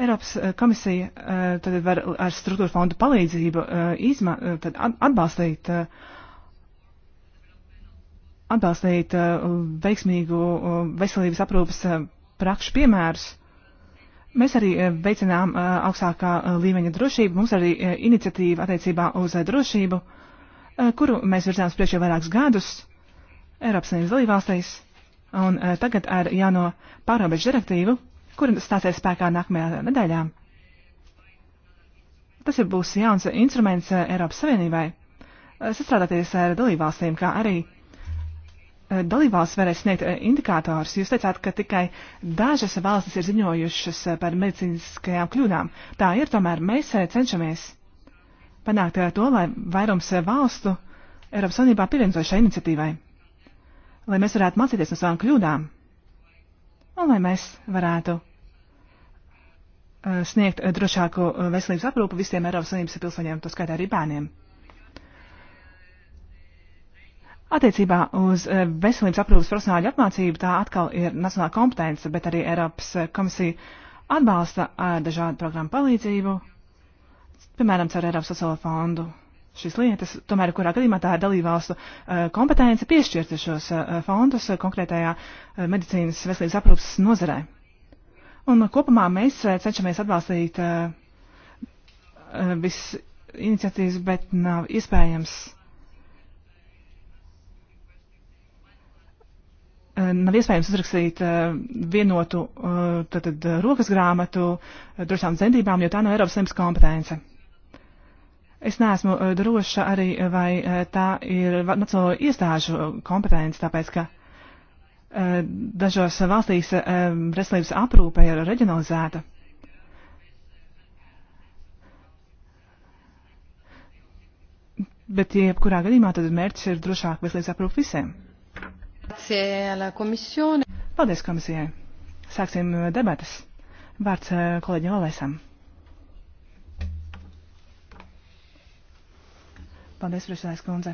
Eiropas komisija tad var ar struktūra fondu palīdzību izma, tad atbalstīt uh, atbalstīt uh, veiksmīgu uh, veselības aprūpas uh, prakšu piemērus. Mēs arī veicinām augstākā līmeņa drošību, mums arī iniciatīva attiecībā uz drošību, kuru mēs virzām priekš jau vairākus gadus Eiropas Savienības dalībvalstīs, un tagad ar jauno pārobežu direktīvu, kura stāsies spēkā nākamajā nedēļā. Tas ir būs jauns instruments Eiropas Savienībai sastrādāties ar dalībvalstīm, kā arī Eh, dalībvalsts varēs sniegt eh, indikātors. Jūs teicāt, ka tikai dažas valstis ir ziņojušas eh, par medicīniskajām kļūdām. Tā ir, tomēr mēs cenšamies panākt to, lai vairums valstu Eiropas Savienībā pievienotos šai iniciatīvai, lai mēs varētu mācīties no savām kļūdām un lai mēs varētu sniegt drošāku veselības aprūpu visiem Eiropas Savienības pilsoņiem, to skaitā arī bērniem. Attiecībā uz eh, veselības aprūpas profesionāļu apmācību tā atkal ir nacionāla kompetence, bet arī Eiropas eh, komisija atbalsta ar eh, dažādu programmu palīdzību, piemēram, caur Eiropas sociālo fondu. Šīs lietas, tomēr, kurā gadījumā tā ir dalībvalstu kompetence piešķirt šos fondus konkrētajā medicīnas veselības aprūpas nozarē. Un kopumā mēs cenšamies atbalstīt viss iniciatīvas, bet nav iespējams nav iespējams uzrakstīt eh, vienotu eh, tātad, eh, rokas grāmatu drošām dzemdībām, jo tā nav Eiropas Savienības kompetence. Es neesmu droša arī, vai tā ir nacionālo iestāžu kompetence, tāpēc ka dažos valstīs veselības aprūpe ir reģionalizēta. Bet, jebkurā gadījumā, tad mērķis ir drošāk veselības aprūpe visiem. Paldies komisijai. Sāksim uh, debatas. Vārds uh, kolēģim Olesam. Paldies, priekšsēdājas kundze.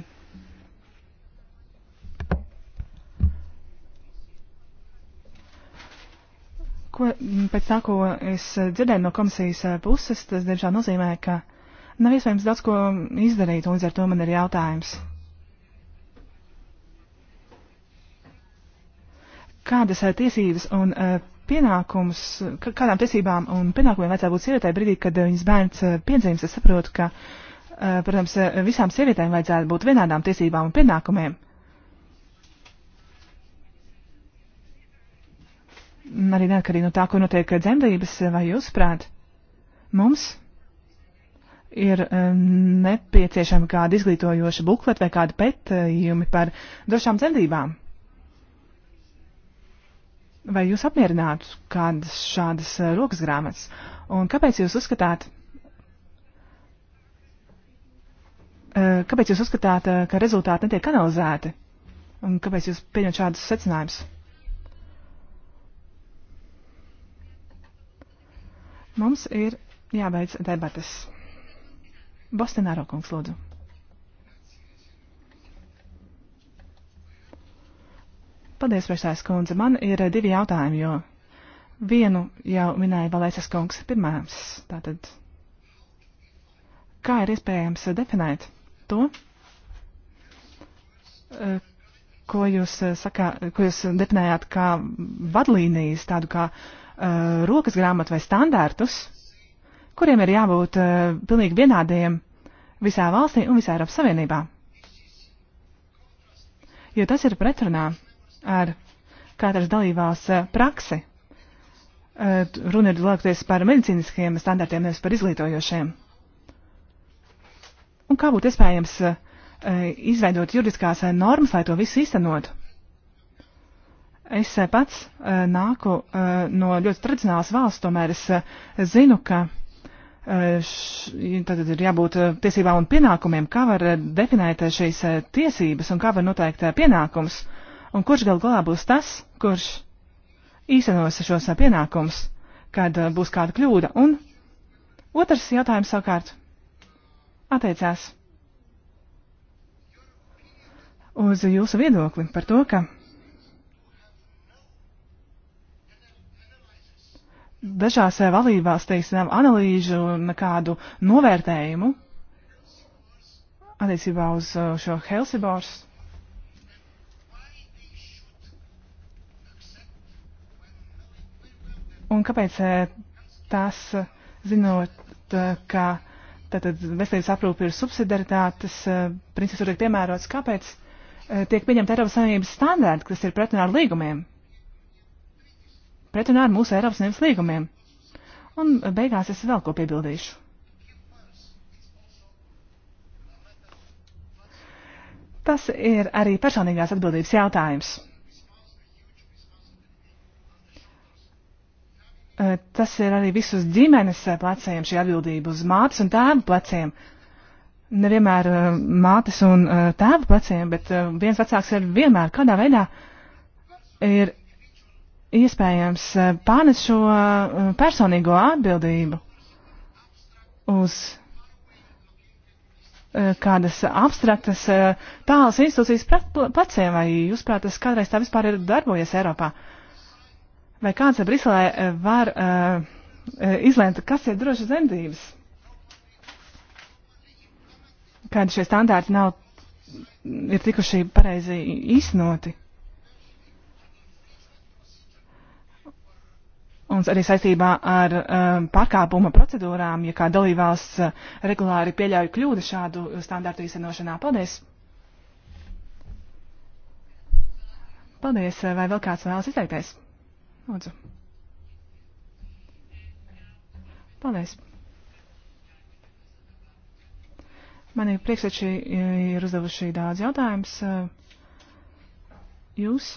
Ko, mm, pēc tā, ko es dzirdēju no komisijas uh, puses, tas diemžēl nozīmē, ka nav iespējams daudz ko izdarīt, un līdz ar to man ir jautājums. kādas eh, tiesības un eh, pienākums, kādām tiesībām un pienākumiem vajadzētu būt sievietē brīdī, kad eh, viņas bērns piedzimst, es saprotu, ka, protams, visām sievietēm vajadzētu būt vienādām tiesībām un pienākumiem. Arī neatkarīgi no tā, ko notiek dzemdības vai uzprāt, mums ir nepieciešama kāda izglītojoša bukleta vai kāda pētījumi par drošām dzemdībām vai jūs apmierinātu kādas šādas eh, rokas grāmatas? Un kāpēc jūs uzskatāt, eh, kāpēc jūs uzskatāt, eh, ka rezultāti netiek analizēti? Un kāpēc jūs pieņemat šādus secinājumus? Mums ir jābeidz debatas. Bostonā Rokungs, lūdzu. Paldies, priekšsēdētājas kundze. Man ir eh, divi jautājumi, jo vienu jau minēja Valēsas kungs pirmās. Tātad, kā ir iespējams definēt to, eh, ko jūs, eh, sakā, ko jūs definējāt kā vadlīnijas, tādu kā uh, rokas grāmatu vai standārtus, kuriem ir jābūt uh, pilnīgi vienādiem visā valstī un visā Eiropas Savienībā. Jo tas ir pretrunā ar katras dalībās eh, praksi. Eh, runa ir lielākoties par medicīniskiem standartiem, nevis par izglītojošiem. Un kā būtu iespējams eh, izveidot juridiskās normas, lai to visu īstenotu? Es pats nāku no ļoti tradicionālas valsts, tomēr es zinu, ka tad ir jābūt tiesībām un pienākumiem, kā var definēt šīs tiesības un kā var noteikt pienākums. Uh, un kurš gal galā būs tas, kurš īstenos šos pienākumus, kad būs kāda kļūda, un otrs jautājums savukārt attiecās uz jūsu viedokli par to, ka dažās valībās, teiksim, analīžu un kādu novērtējumu attiecībā uz šo Helsibors Un kāpēc eh, tas, eh, zinot, eh, ka tātad veselības aprūpe ir subsidaritātes princips, tur tiek piemērots, kāpēc tiek pieņemta Eiropas Savienības standārti, kas ir pretrunā ar līgumiem? Pretrunā ar mūsu Eiropas Savienības līgumiem. Un beigās es vēl ko piebildīšu. Tas ir arī personīgās atbildības jautājums. Eh, tas ir arī visus ģimenes eh, pleciem šī atbildība uz mātes un tēva pleciem. Nevienmēr eh, mātes un tēva pleciem, bet viens vecāks ir vienmēr kādā veidā ir iespējams pārnes šo personīgo atbildību uz kādas abstraktas tālas institūcijas pleciem, vai jūs prāt, tas kādreiz tā vispār ir darbojies Eiropā? Uh, Vai kāds Briselē eh, var uh, izlēmt, kas ir drošas zemdības? Kādi šie standārti nav, ir tikuši pareizi īstenoti? Un arī saistībā ar um, pārkāpuma procedūrām, ja kā dalībvalsts uh, regulāri pieļauj kļūdu šādu standārtu īstenošanā. Paldies! Paldies! Vai vēl kāds vēlas izteikties? Lūdzu. Paldies. Mani priekšseči ir e, uzdevuši daudz jautājums. E, jūs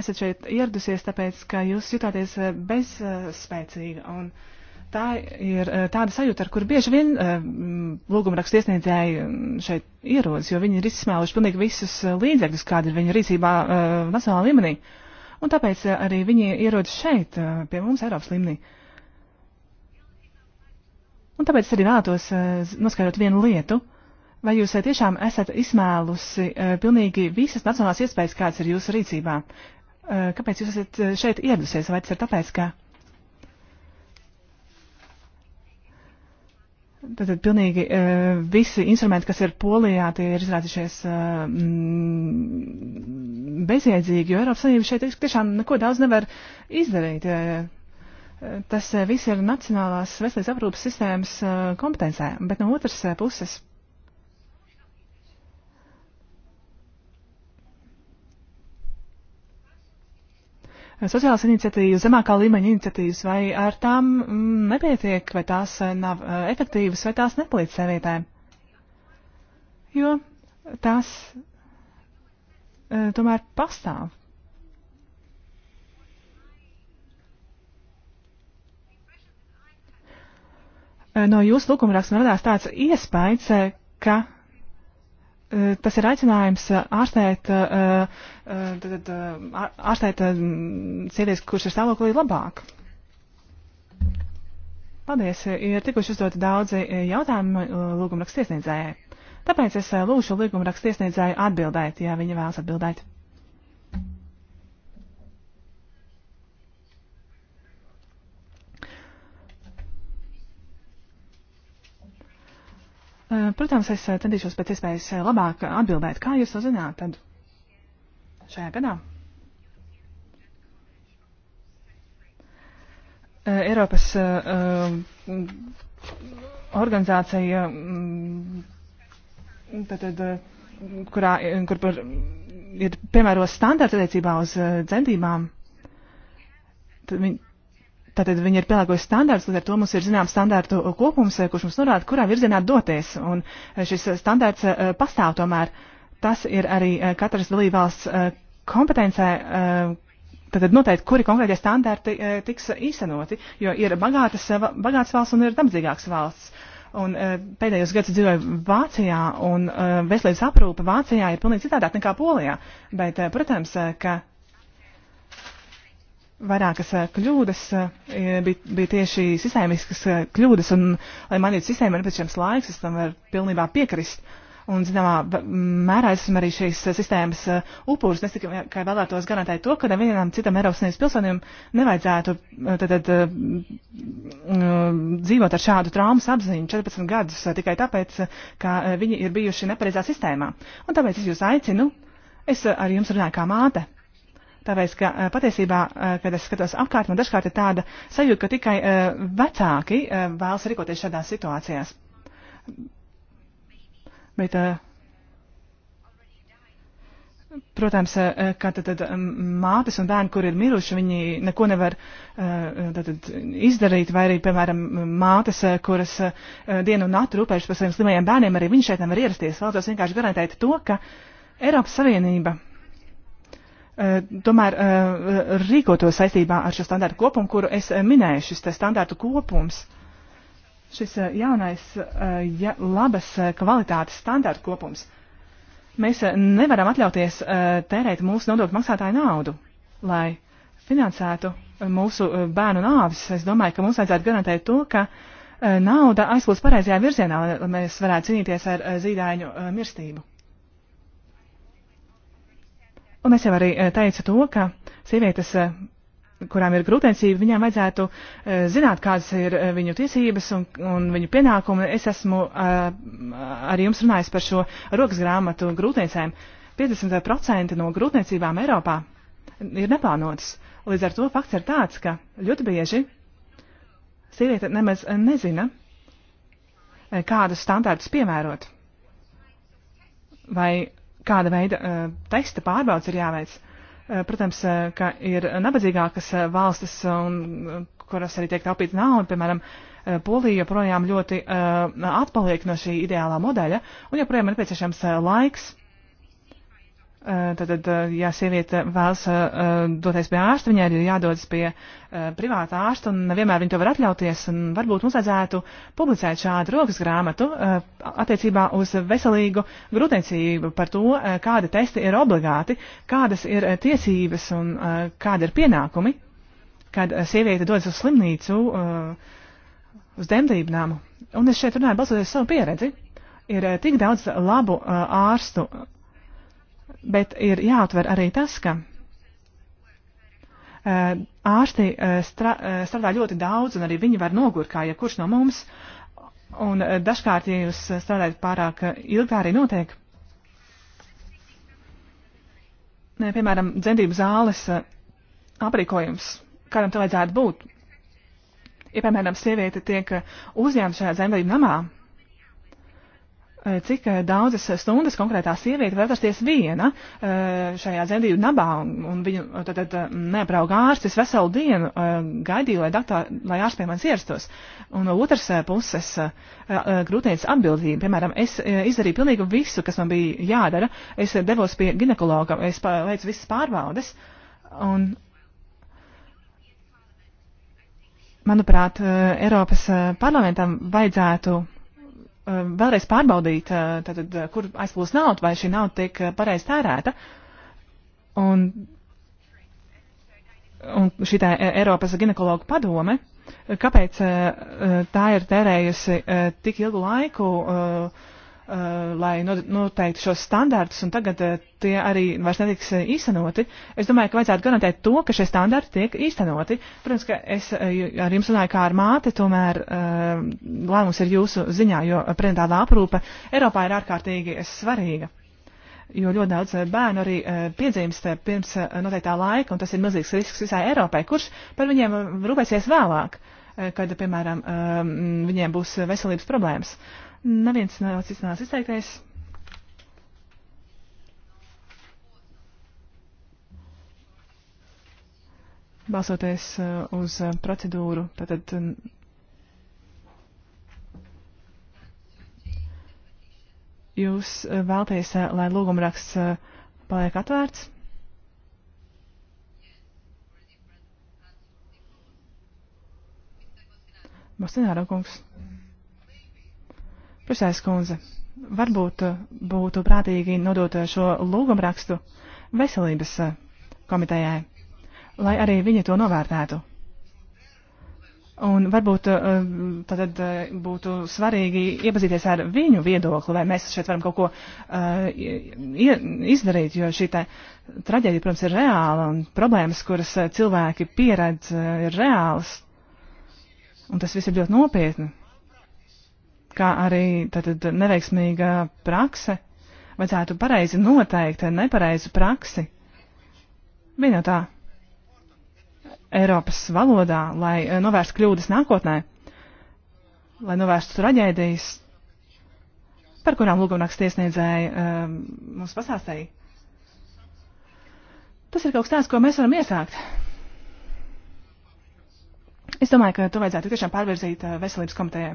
esat šeit ieradusies, tāpēc, ka jūs jutāties e, bezspēcīga. Un tā ir tāda sajūta, ar kur bieži vien lūgumrakstu iesniedzēji šeit ierodas, jo viņi ir izsmēluši pilnīgi visus līdzekļus, kādi ir viņu rīcībā nacionālā līmenī. Uh, un tāpēc eh, arī viņi ierodas šeit, eh, pie mums Eiropas līmenī. Un tāpēc arī vēlētos eh, noskaidrot vienu lietu. Vai jūs tiešām esat izsmēlusi pilnīgi visas nacionālās iespējas, kādas ir jūsu rīcībā? Kāpēc jūs esat šeit ieradusies? Vai tas ir tāpēc, ka Tātad pilnīgi uh, visi instrumenti, kas ir polijā, tie ir izrādījušies uh, mm, bezjēdzīgi, jo Eiropas Savienība šeit tiešām neko daudz nevar izdarīt. Eh, eh, tas eh, viss ir nacionālās veselības aprūpas sistēmas kompetencē, bet no otras puses. Sociālās iniciatīvas, zemākā līmeņa iniciatīvas, vai ar tām mm, nepietiek, vai tās nav efektīvas, vai tās nepalīdz sievietēm? Jo tās E, tomēr pastāv. E, no jūsu lūgumraksta radās tāds iespējas, e, ka tas ir aicinājums ārstēt, ārstēt sievietes, kuras ir stāvoklī labāk. Paldies, ir tikuši uzdoti daudzi jautājumi lūgumraksta iesniedzējai. Tāpēc es eh, lūšu līguma rakstiesniedzēju atbildēt, ja viņa vēlas atbildēt. Eh, protams, es eh, centīšos pēc iespējas labāk atbildēt, kā jūs to zināt tad šajā gadā. Eiropas organizācija mm, tātad, eh, kurā, kur par, ir piemēros standarti attiecībā uz eh, dzemdībām, tad viņi, tātad viņi ir pielāgojis standārts, līdz ar to mums ir zināms standārtu kopums, eh, kurš mums norāda, kurā virzienā doties. Un šis standārts pastāv tomēr. Tas ir arī katras dalībvalsts kompetencē, tad noteikti, kuri konkrētie standarti tiks īstenoti, jo ir bagātas, bagātas valsts un ir nabadzīgāks valsts. Un e, pēdējos gadus dzīvoju Vācijā, un e, veselības aprūpe Vācijā ir pilnīgi citādāk nekā Polijā. Bet, e, protams, ka vairākas kļūdas bija, bija tieši sistēmiskas kļūdas, un, lai mainītu sistēmu, ir nepieciešams laiks, es tam varu pilnībā piekrist. Un, zināmā mērā, esmu arī šīs eh, sistēmas eh, upurs. Es tikai eh, vēlētos garantēt to, ka nevienam citam Eiropas Savienības pilsonim nevajadzētu tad, tad, mm, dzīvot ar šādu traumas apziņu 14 gadus tikai tāpēc, ka viņi ir bijuši nepareizā sistēmā. Un tāpēc es jūs aicinu, es ar jums runāju kā māte. Tāpēc, ka patiesībā, kad es skatos apkārt, man dažkārt ir tāda sajūta, ka tikai vecāki vēlas rīkoties šādās situācijās Bet, protams, äh, kā tad, tad ähm, mātes un bērni, kur ir miruši, viņi neko nevar äh, tad, izdarīt, vai arī, piemēram, mātes, äh, kuras dienu un nakti rūpējušas par saviem slimajiem bērniem, arī viņi šeit nevar ierasties. Vēlētos vienkārši garantēt to, ka Eiropas Savienība tomēr rīkotos saistībā ar šo standārtu kopumu, kuru es minēju, šis standārtu kopums. Uh, šis eh, jaunais eh, ja, labas eh, kvalitātes standārtu kopums. Mēs nevaram atļauties tērēt mūsu nodokļu maksātāju naudu, lai finansētu mūsu bērnu nāvis. Es domāju, ka mums vajadzētu garantēt to, ka nauda aizplūst pareizajā virzienā, lai mēs varētu cīnīties ar zīdaiņu mirstību. Un es jau arī teicu to, ka sievietes kurām ir grūtniecība, viņām vajadzētu eh, zināt, kādas ir eh, viņu tiesības un, un viņu pienākumi. Es esmu eh, arī jums runājis par šo rokas grāmatu grūtniecēm. 50% no grūtniecībām Eiropā ir neplānotas. Līdz ar to fakts ir tāds, ka ļoti bieži sieviete nemaz nezina, kādus standārtus piemērot vai kāda veida uh, testa pārbaudas ir jāveic. Uh, Eh, protams, eh, ka ir nabadzīgākas eh, valstis, un, kuras arī tiek taupīta nauda, piemēram, Polija joprojām ļoti atpaliek no šī ideālā modeļa, un joprojām ir nepieciešams laiks Tātad, eh, eh, ja sieviete vēlas eh, doties pie ārsta, viņai ir jādodas pie privāta ārsta, un nevienmēr viņa to var atļauties. Varbūt mums vajadzētu publicēt šādu rokas grāmatu attiecībā uz veselīgu grūtniecību par to, kādi testi ir obligāti, kādas ir tiesības un kādi ir pienākumi, kad sieviete dodas uz slimnīcu, uz demdību nāmu. Un es šeit runāju balstoties savu pieredzi ir tik daudz labu ārstu Bet ir jāatver arī tas, ka eh, ārsti eh, stra eh, strādā ļoti daudz, un arī viņi var nogurt kā jebkurš no mums. Un dažkārt, ja jūs strādājat pārāk ilgi, tā arī notiek. Nē, piemēram, dzemdību zāles aprīkojums, kādam tam vajadzētu būt. Ja, piemēram, sieviete tiek uzņemta šajā dzemdību namā, Eh, cik eh, daudzas stundas konkrētā sieviete var atrasties viena eh, šajā dzemdību nabā, un viņu tad, tad neapraug ārsts, es veselu dienu gaidīju, lai, daktā, lai ārsts pie manis ierastos. Un no otras puses grūtniecības atbildība, piemēram, es izdarīju pilnīgi visu, kas man bija jādara, es devos pie ginekologa, es veicu visas pārbaudes, un manuprāt, Eiropas parlamentam vajadzētu Um, vēlreiz pārbaudīt, uh, tātad, uh, kur aizplūst nauda, vai šī nauda tiek uh, pareizi tērēta. Un, un šī tā e, Eiropas ginekologa padome, kāpēc tā ir tērējusi tik ilgu laiku uh, Uh, lai noteiktu šos standārtus, un tagad uh, tie arī vairs netiks uh, īstenoti. Es domāju, ka vajadzētu garantēt to, ka šie standārti tiek īstenoti. Protams, ka es ar jums runāju kā ar māti, tomēr lēmums ir jūsu ziņā, jo prenatālā aprūpe Eiropā ir ārkārtīgi svarīga. Jo ļoti daudz bērnu arī piedzimst pirms noteiktā laika, un tas ir milzīgs risks visai Eiropai, kurš par viņiem rūpēsies vēlāk, kad, piemēram, viņiem būs veselības problēmas. Uh, Neviens nav cits nāc izteikties. Balsoties uh, uz uh, procedūru, tātad um, jūs uh, vēlties, lai lūgumraksts paliek atvērts? Bastināra kungs. Prusēs kundze, varbūt eh, būtu prātīgi nodot eh, šo lūgumrakstu veselības eh, komitejai, lai arī viņi to novērtētu. Un varbūt tad būtu svarīgi iepazīties ar viņu viedokli, vai mēs šeit varam kaut ko uh, izdarīt, jo šī traģēdija, protams, ir reāla un problēmas, kuras cilvēki pieredz, ir reālas. Un tas viss ir ļoti nopietni kā arī tātad neveiksmīga prakse, vajadzētu pareizi noteikt nepareizu praksi. Viņa tā Eiropas valodā, lai eh, novērstu kļūdas nākotnē, lai novērstu traģēdijas, par kurām lūgumraksts iesniedzēja um, eh, mums pasāstīja. Tas ir kaut kas tāds, ko mēs varam iesākt. Es domāju, ka to vajadzētu tiešām pārvirzīt eh, veselības komitejai.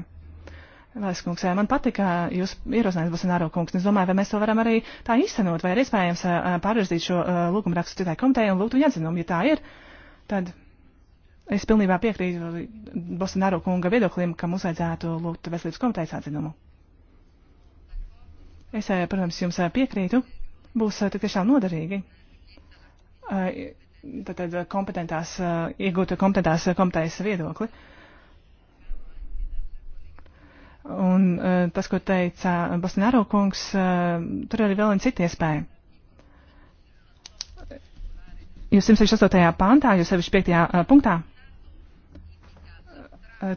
Laiskungs, eh, man patika eh, jūs ierosinājums Bolsonaro kungs. Es domāju, vai mēs to varam arī tā izsanot, vai ir iespējams eh, pārvirzīt šo lūgumu rakstu citai komitejai un lūgt viņu atzinumu. Ja tā ir, tad es pilnībā piekrītu Bolsonaro kunga viedoklim, ka mums vajadzētu lūgt veselības komitejas atzinumu. Es, protams, jums piekrītu. Būs tiešām noderīgi. Tātad kompetentās, iegūt kompetentās komitejas viedokli. Uh, Un e, tas, ko teica Bosnāro kungs, e, tur arī vēl viena cita iespēja. Jo 168. pāntā, jo 75. E, punktā,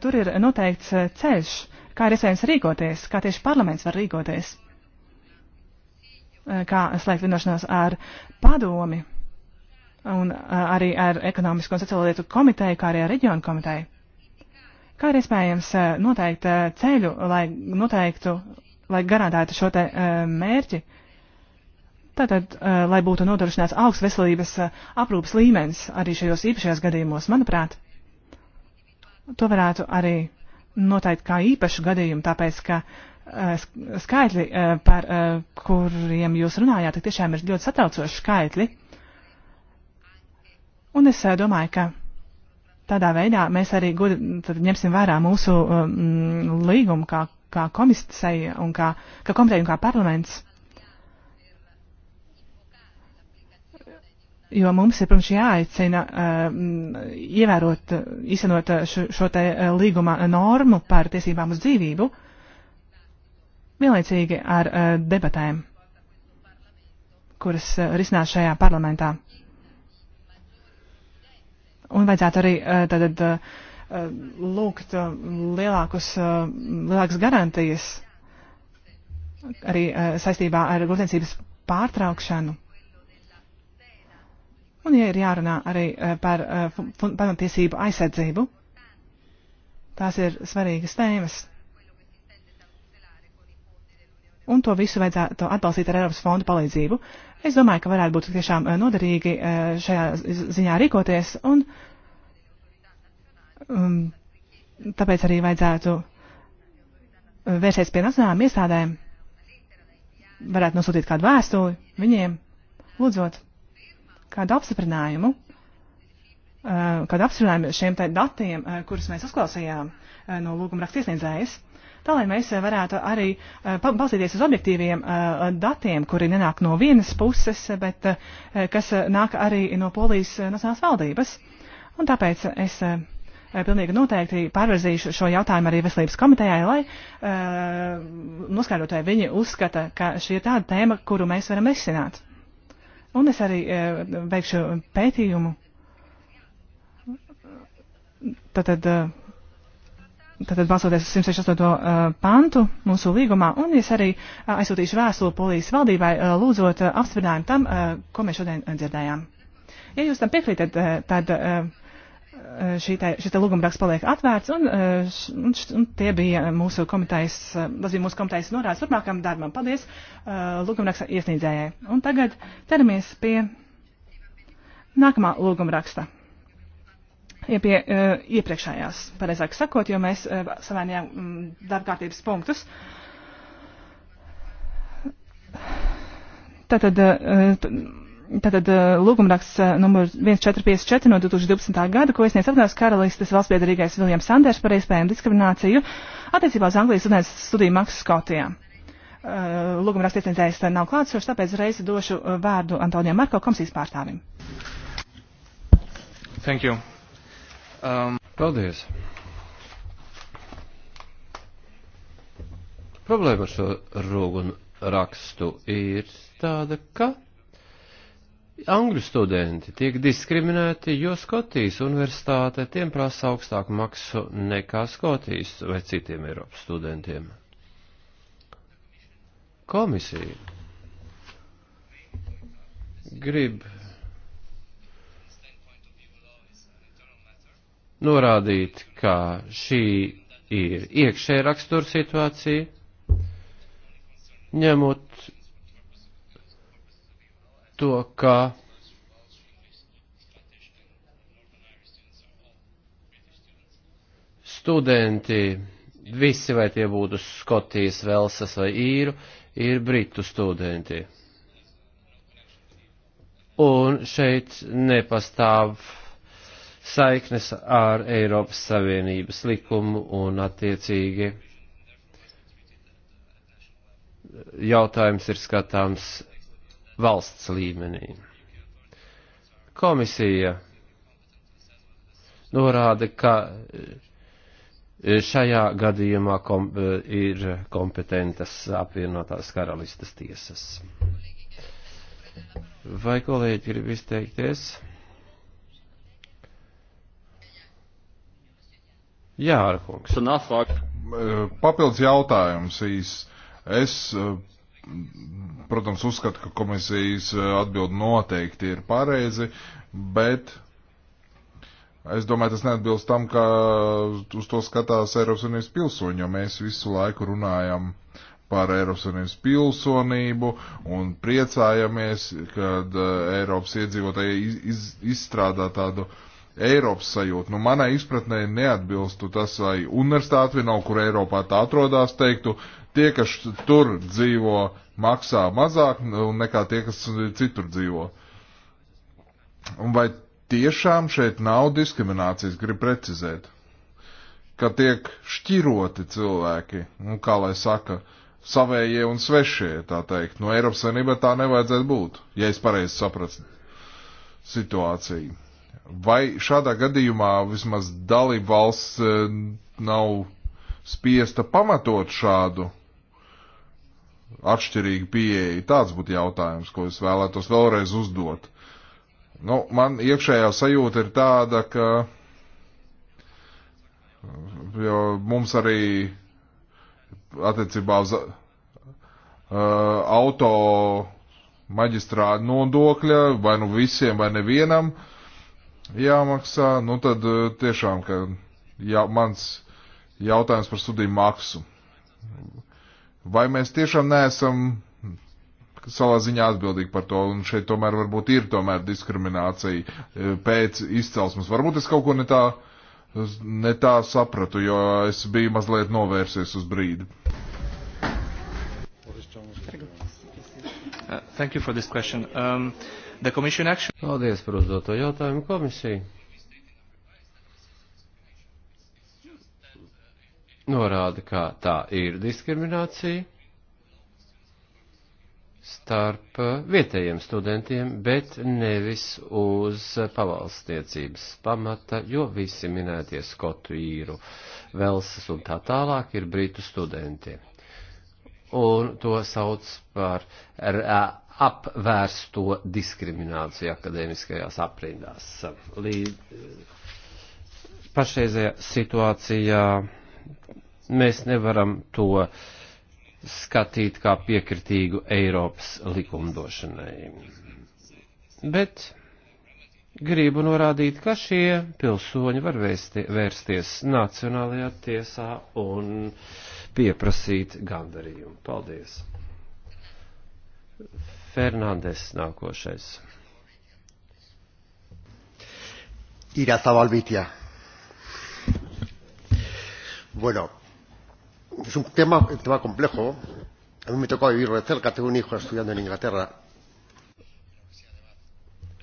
tur ir noteikts ceļš, kā ir iespējams rīkoties, kā tieši parlaments var rīkoties, kā slēgt vienošanos ar padomi un arī ar ekonomisko un sociālo lietu komiteju, kā arī ar reģionu komiteju. Kā ir iespējams eh, noteikt eh, ceļu, lai noteiktu, lai garantētu šo te eh, mērķi? Tātad, lai būtu nodrošināts augsts veselības aprūpas līmenis arī šajos īpašajos gadījumos, manuprāt, to varētu arī noteikt kā īpašu gadījumu, tāpēc, ka skaitļi, par kuriem jūs runājāt, tiešām ir ļoti satraucoši skaitļi. Un es domāju, ka Tādā veidā mēs arī gud, ņemsim vērā mūsu um, līgumu kā, kā komisija un kā, kā komiteja un kā parlaments. jo mums ir, protams, jāaicina uh, ievērot, uh, izsanot šo, šo te uh, līguma normu par tiesībām uz dzīvību, vienlaicīgi ar uh, debatēm, kuras uh, risinās šajā parlamentā. Un vajadzētu arī eh, tātad eh, lūgt eh, lielākus, lielākas garantijas arī saistībā ar grūtniecības pārtraukšanu. Un ja ir jārunā arī par pamatiesību aizsardzību. Tās ir svarīgas tēmas. Un to visu vajadzētu atbalstīt ar Eiropas fondu palīdzību. Uh, Es domāju, ka varētu būt tiešām eh, noderīgi eh, šajā ziņā rīkoties, un um, tāpēc arī vajadzētu eh, vērsties pie nacionālām iestādēm, varētu nosūtīt kādu vēstuli viņiem, lūdzot kādu apstiprinājumu, kādu apstiprinājumu šiem datiem, kurus mēs uzklausījām no lūguma rakstiesniedzējas tā lai mēs eh, varētu arī eh, balstīties uz objektīviem eh, datiem, kuri nenāk no vienas puses, bet kas nāk arī no Polijas nacionālās valdības. Un tāpēc es pilnīgi noteikti pārvirzīšu šo jautājumu arī veselības komitejai, lai uh, noskaidrotāji viņi uzskata, ka šī ir tāda tēma, kuru mēs varam risināt. Un es arī uh, veikšu pētījumu. Tātad. Uh, tātad balsoties uz 168. Eh, pantu mūsu līgumā, un es arī eh, aizsūtīšu vēstuli polijas valdībai, eh, lūdzot apstiprinājumu tam, ko mēs šodien dzirdējām. Ja jūs tam piekrītat, tad šī te, šis te lūgumraksts paliek atvērts, un, un, un tie bija mūsu komitejas, tas bija mūsu komitejas norādes turpmākam darbam. Paldies lūgumraksta iesniedzējai. Un tagad ķeramies pie nākamā lūgumraksta. Iepie, eh, iepriekšējās, pareizāk sakot, jo mēs eh, savienojām mm, darbkārtības punktus. Tātad, eh, tātad lūgumraksts numur 1454 no 2012. gada, ko iesniedz apvienotās karalistes valstspiedarīgais Viljams Sanders par iespējamu diskrimināciju attiecībā uz Anglijas un studiju maksu Skotijā. Lūgumraksts iesniedzējs nav klātsošs, tāpēc reizi došu vārdu Antonijam Marko komisijas pārstāvim. Thank you. Um, Paldies! Problēma ar šo rogu un rakstu ir tāda, ka angļu studenti tiek diskriminēti, jo Skotijas universitāte tiem prasa augstāku maksu nekā Skotijas vai citiem Eiropas studentiem. Komisija grib norādīt, ka šī ir iekšēja rakstura situācija, ņemot to, ka studenti, visi vai tie būtu Skotijas, Velsas vai īru, ir britu studenti. Un šeit nepastāv saiknes ar Eiropas Savienības likumu un attiecīgi jautājums ir skatāms valsts līmenī. Komisija norāda, ka šajā gadījumā kom, ir kompetentas apvienotās karalistas tiesas. Vai kolēģi grib izteikties? Jā, Arkungs. Papildus jautājums īs. Es, protams, uzskatu, ka komisijas atbild noteikti ir pareizi, bet es domāju, tas neatbilst tam, kā uz to skatās Eiropas Unības pilsoņi, jo mēs visu laiku runājam par Eiropas Savienības pilsonību un priecājamies, kad Eiropas iedzīvotāji iz, izstrādā tādu uh, Eiropas sajūta. Nu, manai izpratnē neatbilstu tas, vai universitāte vienalga, kur Eiropā tā atrodas, teiktu, tie, kas tur dzīvo, maksā mazāk nu, nekā tie, kas citur dzīvo. Un vai tiešām šeit nav diskriminācijas, gribu precizēt, ka tiek šķiroti cilvēki, nu, kā lai saka, savējie un svešie, tā teikt. No Eiropas Savienībā tā nevajadzētu būt, ja es pareizi sapratu situāciju. Vai šādā gadījumā vismaz dalība valsts e, nav spiesta pamatot šādu atšķirīgu pieeju? Tāds būtu jautājums, ko es vēlētos vēlreiz uzdot. Nu, man iekšējā sajūta ir tāda, ka jo mums arī attiecībā uz uh, auto maģistrāta nodokļa vai nu visiem vai nevienam uh, jāmaksā, nu tad eh, tiešām, ka jā, mans jautājums par studiju maksu. Vai mēs tiešām neesam savā ziņā atbildīgi par to, un šeit tomēr varbūt ir tomēr diskriminācija eh, pēc izcelsmes. Varbūt es kaut ko ne tā, ne tā sapratu, jo es biju mazliet novērsies uz brīdi. Thank you for this question. Um, Actually... Paldies par uzdoto jautājumu komisiju. Norāda, ka tā ir diskriminācija starp vietējiem studentiem, bet nevis uz pavalstniecības pamata, jo visi minētie skotu īru, velsas un tā tālāk ir britu studenti. Un to sauc par apvērsto diskrimināciju akadēmiskajās aprindās. Līdz pašreizajā situācijā mēs nevaram to skatīt kā piekritīgu Eiropas likumdošanai. Bet gribu norādīt, ka šie pilsoņi var vēsti, vērsties Nacionālajā tiesā un pieprasīt gandarījumu. Paldies! Fernandes nākošais. Ira Zabalbitia. Bueno, es un tema, un tema complejo. A mí me tocó vivirlo de cerca, tengo un hijo estudiando en Inglaterra.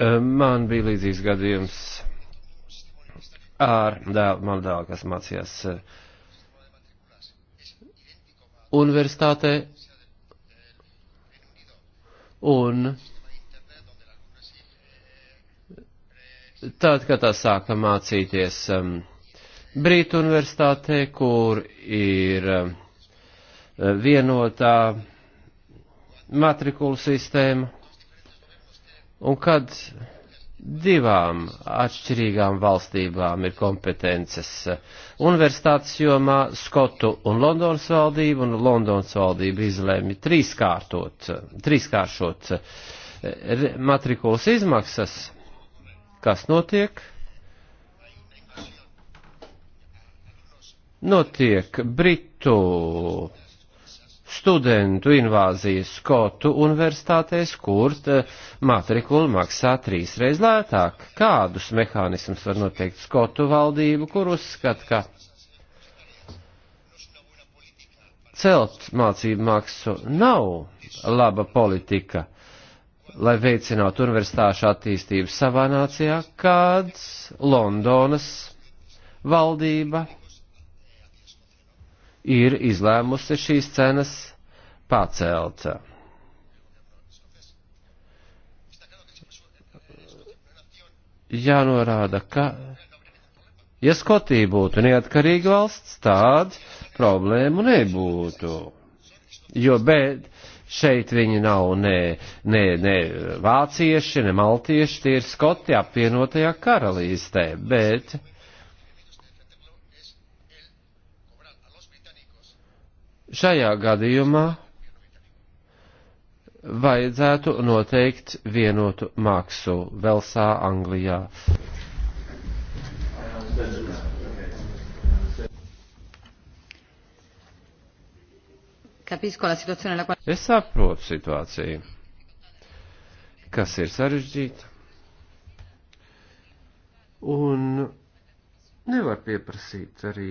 Eh, man bija līdzīgs gadījums ar dēlu, man dēlu, kas mācījās eh, universitātē, Un tad, kad tā sāka mācīties um, Brītu universitātē, kur ir um, vienotā matrikulu sistēma, un kad divām atšķirīgām valstībām ir kompetences. Universitātes jomā Skotu un Londonas valdība, un Londonas valdība izlēma trīskārtot, trīskāršot eh, matrikulas izmaksas. Kas notiek? Notiek Britu studentu invāziju Skotu universitātēs, kur eh, matrikula maksā trīsreiz lētāk. Kādus mehānismus var noteikt Skotu valdību, kur uzskat, ka celt mācību maksu nav laba politika, lai veicinātu universitāšu attīstību savā nācijā, kāds Londonas valdība ir izlēmusi šīs cenas pacelta. Jānorāda, ka, ja Skotija būtu neatkarīga valsts, tāda problēmu nebūtu. Jo, bet, šeit viņi nav ne, ne, ne vācieši, ne maltieši, tie ir skoti apvienotajā karalīstē, bet. Šajā gadījumā vajadzētu noteikt vienotu maksu Velsā, Anglijā. Es saprotu situāciju, kas ir sarežģīta, un nevar pieprasīt arī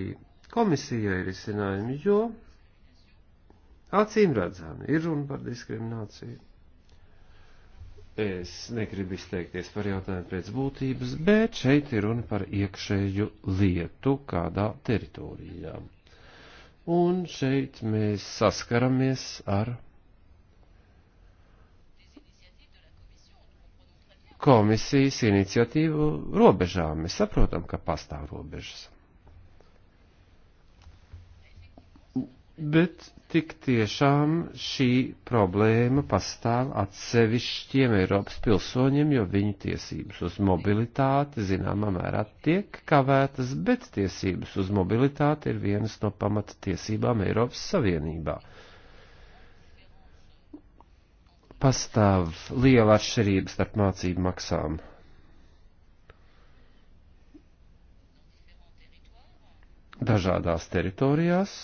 komisijai risinājumu, jo Acīm redzami, ir runa par diskrimināciju. Es negribu izteikties par jautājumu pēc būtības, bet šeit ir runa par iekšēju lietu kādā teritorijā. Un šeit mēs saskaramies ar komisijas iniciatīvu robežām. Mēs saprotam, ka pastāv robežas. Bet tik tiešām šī problēma pastāv atsevišķiem Eiropas pilsoņiem, jo viņu tiesības uz mobilitāti zināmā mērā tiek kavētas, bet tiesības uz mobilitāti ir vienas no pamata tiesībām Eiropas Savienībā. Pastāv liela atšķirība starp mācību maksām. Dažādās teritorijās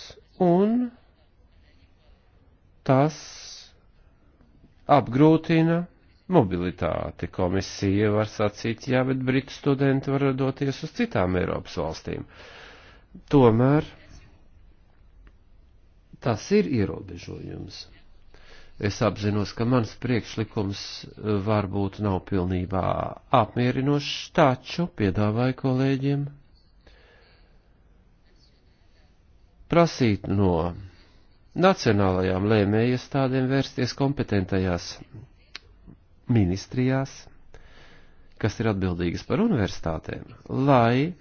un tas apgrūtina mobilitāti. Komisija var sacīt, jā, bet britu studenti var doties uz citām Eiropas valstīm. Tomēr tas ir ierobežojums. Es apzinos, ka mans priekšlikums e, varbūt nav pilnībā apmierinošs, taču piedāvāju kolēģiem prasīt no nacionālajām lēmējiestādēm vērsties kompetentajās ministrijās, kas ir atbildīgas par universitātēm, lai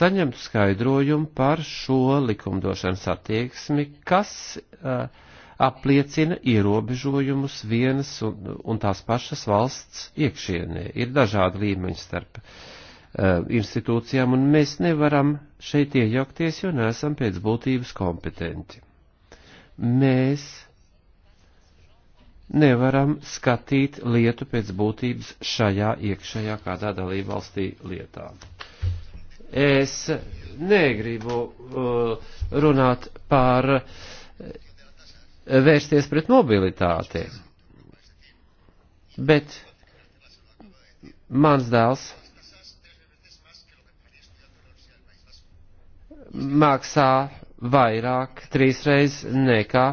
saņemtu skaidrojumu par šo likumdošanas attieksmi, kas uh, apliecina ierobežojumus vienas un, un tās pašas valsts iekšienē. Ir dažādi līmeņi starp uh, Eh, institūcijām, un mēs nevaram šeit iejaukties, jo neesam pēc būtības kompetenti. Mēs nevaram skatīt lietu pēc būtības šajā iekšējā kādā dalībvalstī lietā. Es negribu uh, runāt par uh, vērsties pret mobilitāti, bet mans dēls maksā vairāk trīsreiz nekā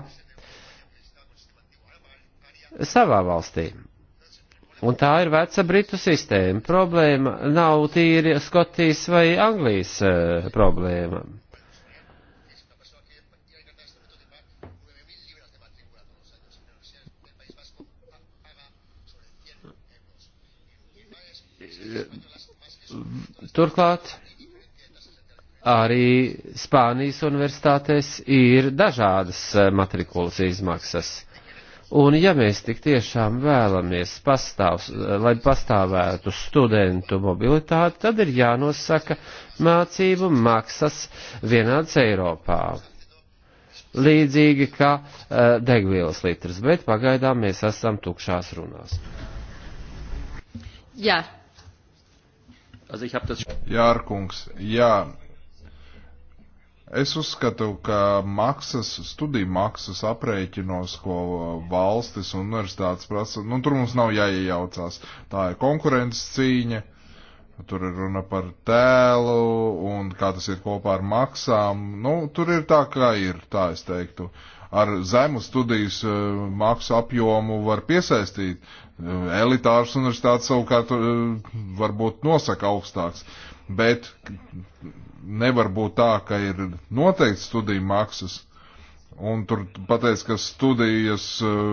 savā valstī. Un tā ir veca Britu sistēma. Problēma nav tīri Skotijas vai Anglijas uh, problēma. Turklāt arī Spānijas universitātēs ir dažādas eh, matrikulas izmaksas. Un ja mēs tik tiešām vēlamies pastāvs, lai pastāvētu studentu mobilitāti, tad ir jānosaka mācību maksas vienāds Eiropā. Līdzīgi kā uh, degvielas litrs, bet pagaidām mēs esam tukšās runās. Jā. Jārkungs, jā, Es uzskatu, ka maksas, studiju maksas aprēķinos, ko valstis un universitātes prasa, nu tur mums nav jāiejaucās. Tā ir konkurences cīņa, tur ir runa par tēlu un kā tas ir kopā ar maksām. Nu, tur ir tā, kā ir, tā es teiktu. Ar zemu studijas eh, maksu apjomu var piesaistīt. Eh, elitārs universitātes savukārt eh, varbūt nosaka augstāks. Bet nevar būt tā, ka ir noteikts studiju maksas, un tur pateic, ka studijas eh,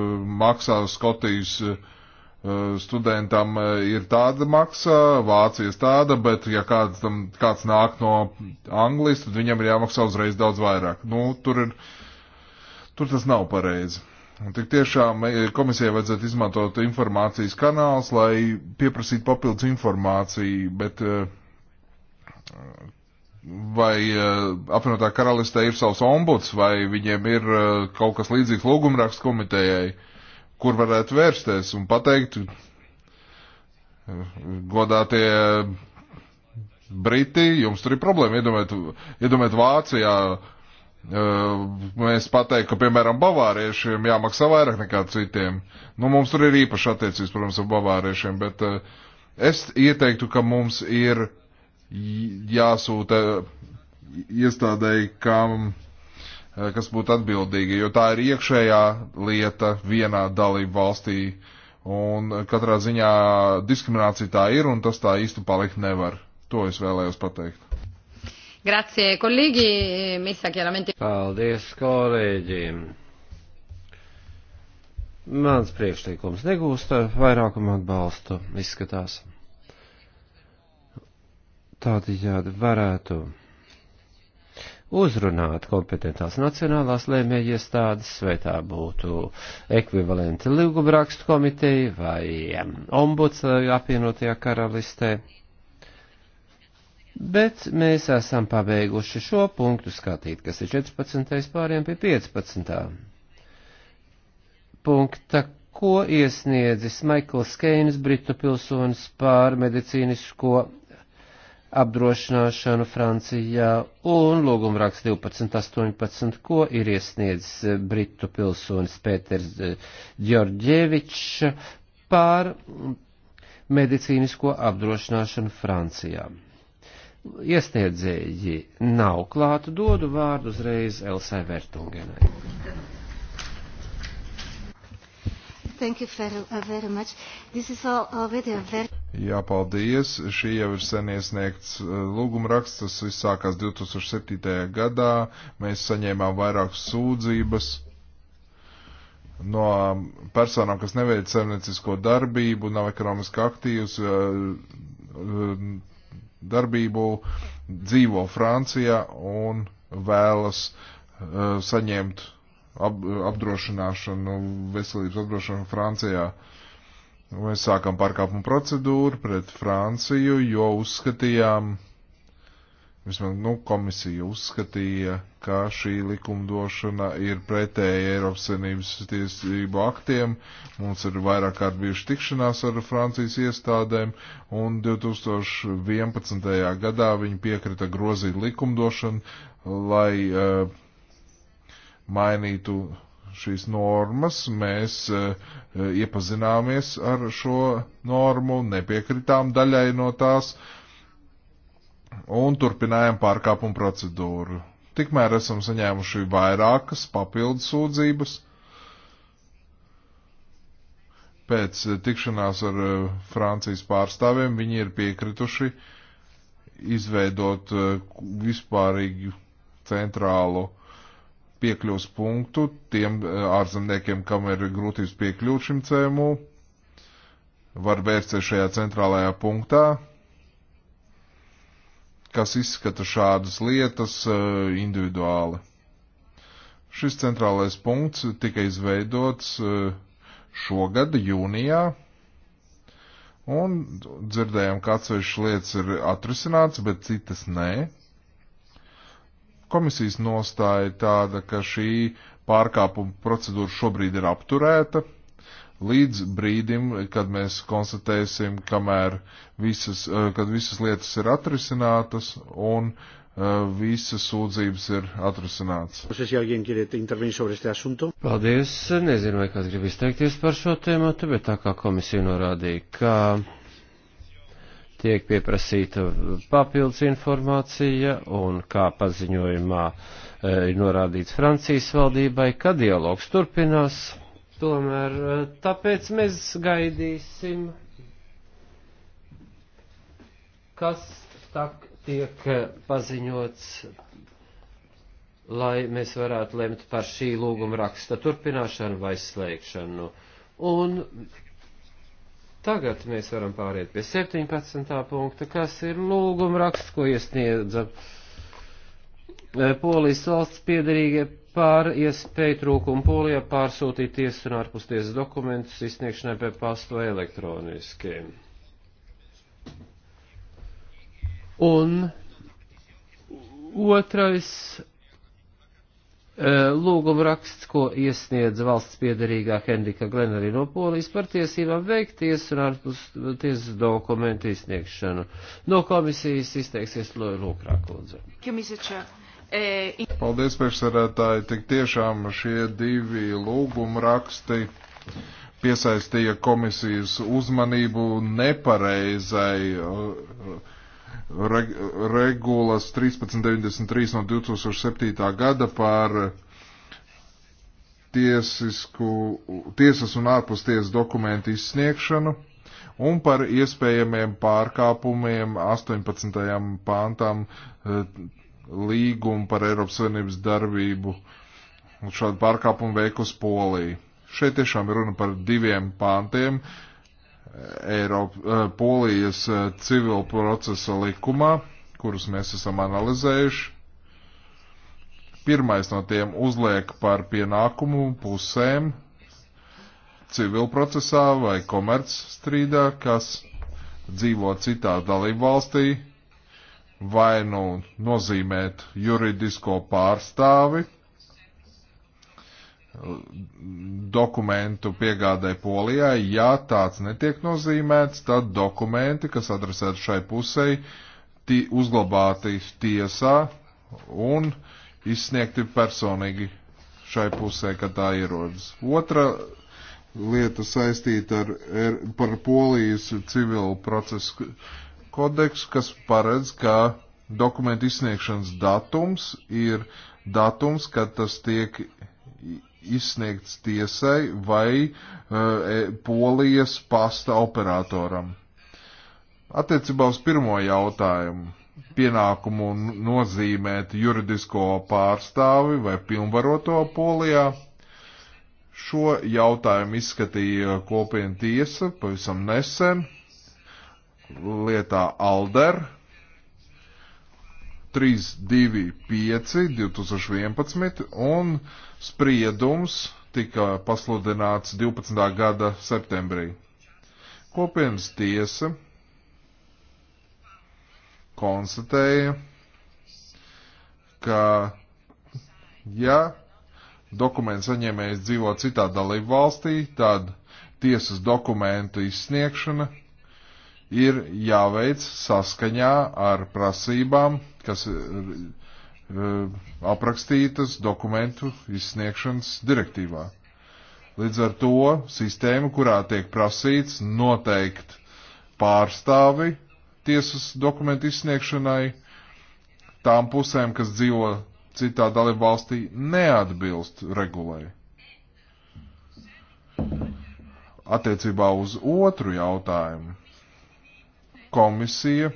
maksā Skotijas eh, studentam eh, ir tāda maksa, Vācijas tāda, bet ja kāds, tam, kāds nāk no Anglijas, tad viņam ir jāmaksā uzreiz daudz vairāk. Nu, tur, ir, tur tas nav pareizi. Un tik tiešām komisijai vajadzētu izmantot informācijas kanāls, lai pieprasītu papildus informāciju, bet vai uh, apvienotā karalistē ir savs ombuds, vai viņiem ir uh, kaut kas līdzīgs lūgumrakstu komitejai, kur varētu vērsties un pateikt, uh, godātie Briti, jums tur ir problēma, iedomājiet, iedomājiet Vācijā. Mēs pateiktu, ka, piemēram, bavāriešiem jāmaksā vairāk nekā citiem. Nu, mums tur ir īpaši attiecības, protams, ar bavāriešiem, bet es ieteiktu, ka mums ir jāsūta iestādēji, kam, eh, kas būtu atbildīga, jo tā ir iekšējā lieta vienā dalību valstī. Un katrā ziņā diskriminācija tā ir, un tas tā īsti palikt nevar. To es vēlējos pateikt. Grazie, kolēģi. Misa, chiaramente. Paldies, kolēģi. Mans priekšlikums negūst vairākumu atbalstu, izskatās tādējādi varētu uzrunāt kompetentās nacionālās lēmēja iestādes, vai tā būtu ekvivalenti līguma rakstu komiteja vai ombuds apvienotajā karalistē. Bet mēs esam pabeiguši šo punktu skatīt, kas ir 14. pāriem pie 15. punkta, ko iesniedzis Maikls Keins, britu pilsonis pār medicīnisko apdrošināšanu Francijā un lūgumraksts 1218, ko ir iesniedzis eh, Britu pilsonis Pēters eh, Džordževičs par medicīnisko apdrošināšanu Francijā. Iesniedzēji nav klāta, dodu vārdu uzreiz Elsai Vertungenai. Thank you very, uh, very much. This is already a very... Jā, paldies. Šī jau ir sen iesniegts uh, lūguma raksts. Tas viss sākās 2007. gadā. Mēs saņēmām vairākas sūdzības no personām, kas neveic saimniecisko darbību, nav ekonomiski aktīvs uh, darbību, dzīvo Francijā un vēlas saņemt ap, apdrošināšanu, veselības apdrošināšanu Francijā. Mēs sākam pārkāpumu procedūru pret Franciju, jo uzskatījām, vismaz nu, komisija uzskatīja, ka šī likumdošana ir pretēja Eiropas Savienības tiesību aktiem. Mums ir vairāk kārt bijuši tikšanās ar Francijas iestādēm, un 2011. gadā viņi piekrita grozīt likumdošanu, lai uh, mainītu šīs normas, mēs uh, iepazināmies ar šo normu, nepiekritām daļai no tās un turpinājām pārkāpumu procedūru. Tikmēr esam saņēmuši vairākas papildus sūdzības. Pēc tikšanās ar uh, Francijas pārstāvjiem viņi ir piekrituši izveidot uh, vispārīgu centrālu uh, piekļuvas punktu tiem eh, ārzemniekiem, kam ir grūtības piekļūt šim CMU, var vērsties šajā centrālajā punktā, kas izskata šādas lietas eh, individuāli. Šis centrālais punkts tika izveidots eh, šogad, jūnijā, un dzirdējām, ka atsevišķas lietas ir atrisināts, bet citas nē. Komisijas nostāja tāda, ka šī pārkāpuma procedūra šobrīd ir apturēta līdz brīdim, kad mēs konstatēsim, kamēr visas, eh, kad visas lietas ir atrisinātas un eh, visas sūdzības ir atrisināts. Paldies, nezinu, vai kāds grib izteikties par šo tēmu, bet tā kā komisija norādīja, ka tiek pieprasīta papildus informācija un, kā paziņojumā eh, ir norādīts Francijas valdībai, ka dialogs turpinās. Tomēr eh, tāpēc mēs gaidīsim, kas tak tiek eh, paziņots, lai mēs varētu lemt par šī lūguma raksta turpināšanu vai slēgšanu. Un Tagad mēs varam pāriet pie 17. punkta, kas ir lūguma raksts, ko iesniedza e, Polijas valsts piedarīgie par iespēju trūkumu Polijā pārsūtīt tiesu un ārpustiesas dokumentus izsniegšanai pie pastu elektroniskiem. Un otrais Eh, lūguma raksts, ko iesniedz valsts piedarīgā Henrika Glenarī no Polijas par tiesībām veikt tiesu un ārpus tiesas dokumentu izsniegšanu. No komisijas izteiksies Lūkrākundze. Eh, Paldies, priekšsarētāji. Tik tiešām šie divi lūguma raksti piesaistīja komisijas uzmanību nepareizai. Uh, regulas 1393 no 2007. gada par tiesisku, tiesas un ārpustiesas dokumentu izsniegšanu un par iespējamiem pārkāpumiem 18. pāntam eh, līgumu par Eiropas Savienības darbību un šādu pārkāpumu veikus Polija. Šeit tiešām ir runa par diviem pāntiem. Uh, Eiropa, eh, Polijas eh, civil procesa likumā, kurus mēs esam analizējuši. Pirmais no tiem uzliek par pienākumu pusēm civil procesā vai komerc strīdā, kas dzīvo citā dalību valstī, vai nu nozīmēt juridisko pārstāvi dokumentu piegādai Polijai. Ja tāds netiek nozīmēts, tad dokumenti, kas adresēti šai pusei, ti uzglabāti tiesā un izsniegti personīgi šai pusē, kad tā ierodas. Otra lieta saistīta ar, ar par Polijas civilu procesu kodeksu, kas paredz, ka dokumentu izsniegšanas datums ir datums, kad tas tiek izsniegts tiesai vai uh, polijas pasta operatoram. Attiecībā uz pirmo jautājumu - pienākumu nozīmēt juridisko pārstāvi vai pilnvaroto polijā. Šo jautājumu izskatīja kopiena tiesa pavisam nesen lietā Alder, 325 2011 un spriedums tika pasludināts 12. gada septembrī. Kopienas tiesa konstatēja, ka ja dokumentu saņēmējs dzīvo citā dalību valstī, tad tiesas dokumentu izsniegšana ir jāveic saskaņā ar prasībām kas eh, eh, aprakstītas dokumentu izsniegšanas direktīvā. Līdz ar to sistēma, kurā tiek prasīts noteikt pārstāvi tiesas dokumentu izsniegšanai, tām pusēm, kas dzīvo citā dalība valstī, neatbilst regulai. Attiecībā uz otru jautājumu komisija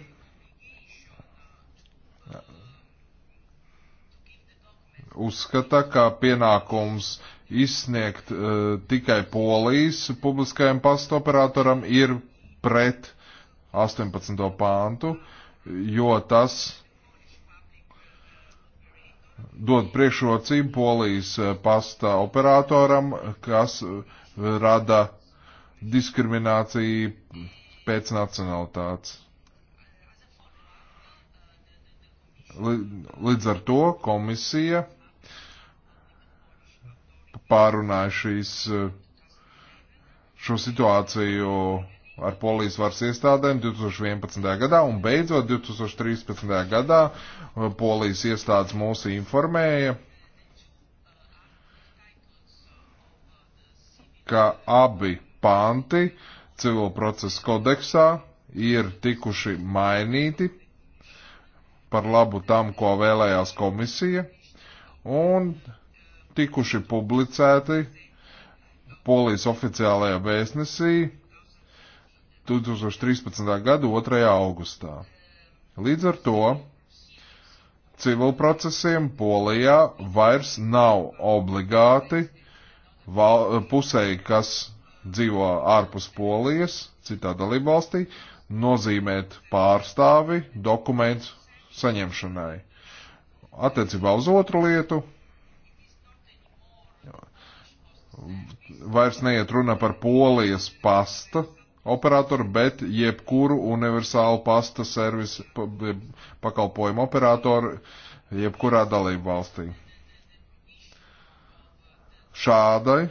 uzskata, ka pienākums izsniegt uh, tikai polijas publiskajam pastopēratoram ir pret 18. pāntu, jo tas dod priekšrocību polijas eh, pasta operatoram, kas eh, rada diskrimināciju pēc nacionalitātes. Līdz ar to komisija pārunāju šīs, eh, šo situāciju ar polijas varas iestādēm 2011. gadā un beidzot 2013. gadā eh, polijas iestādes mūs informēja, ka abi panti civil procesa kodeksā ir tikuši mainīti par labu tam, ko vēlējās komisija, un tikuši publicēti Polijas oficiālajā vēstnesī 2013. gada 2. augustā. Līdz ar to civilprocesiem Polijā vairs nav obligāti val, pusēji, kas dzīvo ārpus Polijas, citā dalībvalstī, nozīmēt pārstāvi dokumentu saņemšanai. Attiecībā uz otru lietu vairs neiet runa par polijas pasta operatoru, bet jebkuru universālu pasta servisu e, pakalpojumu operatoru jebkurā dalību valstī. Šādai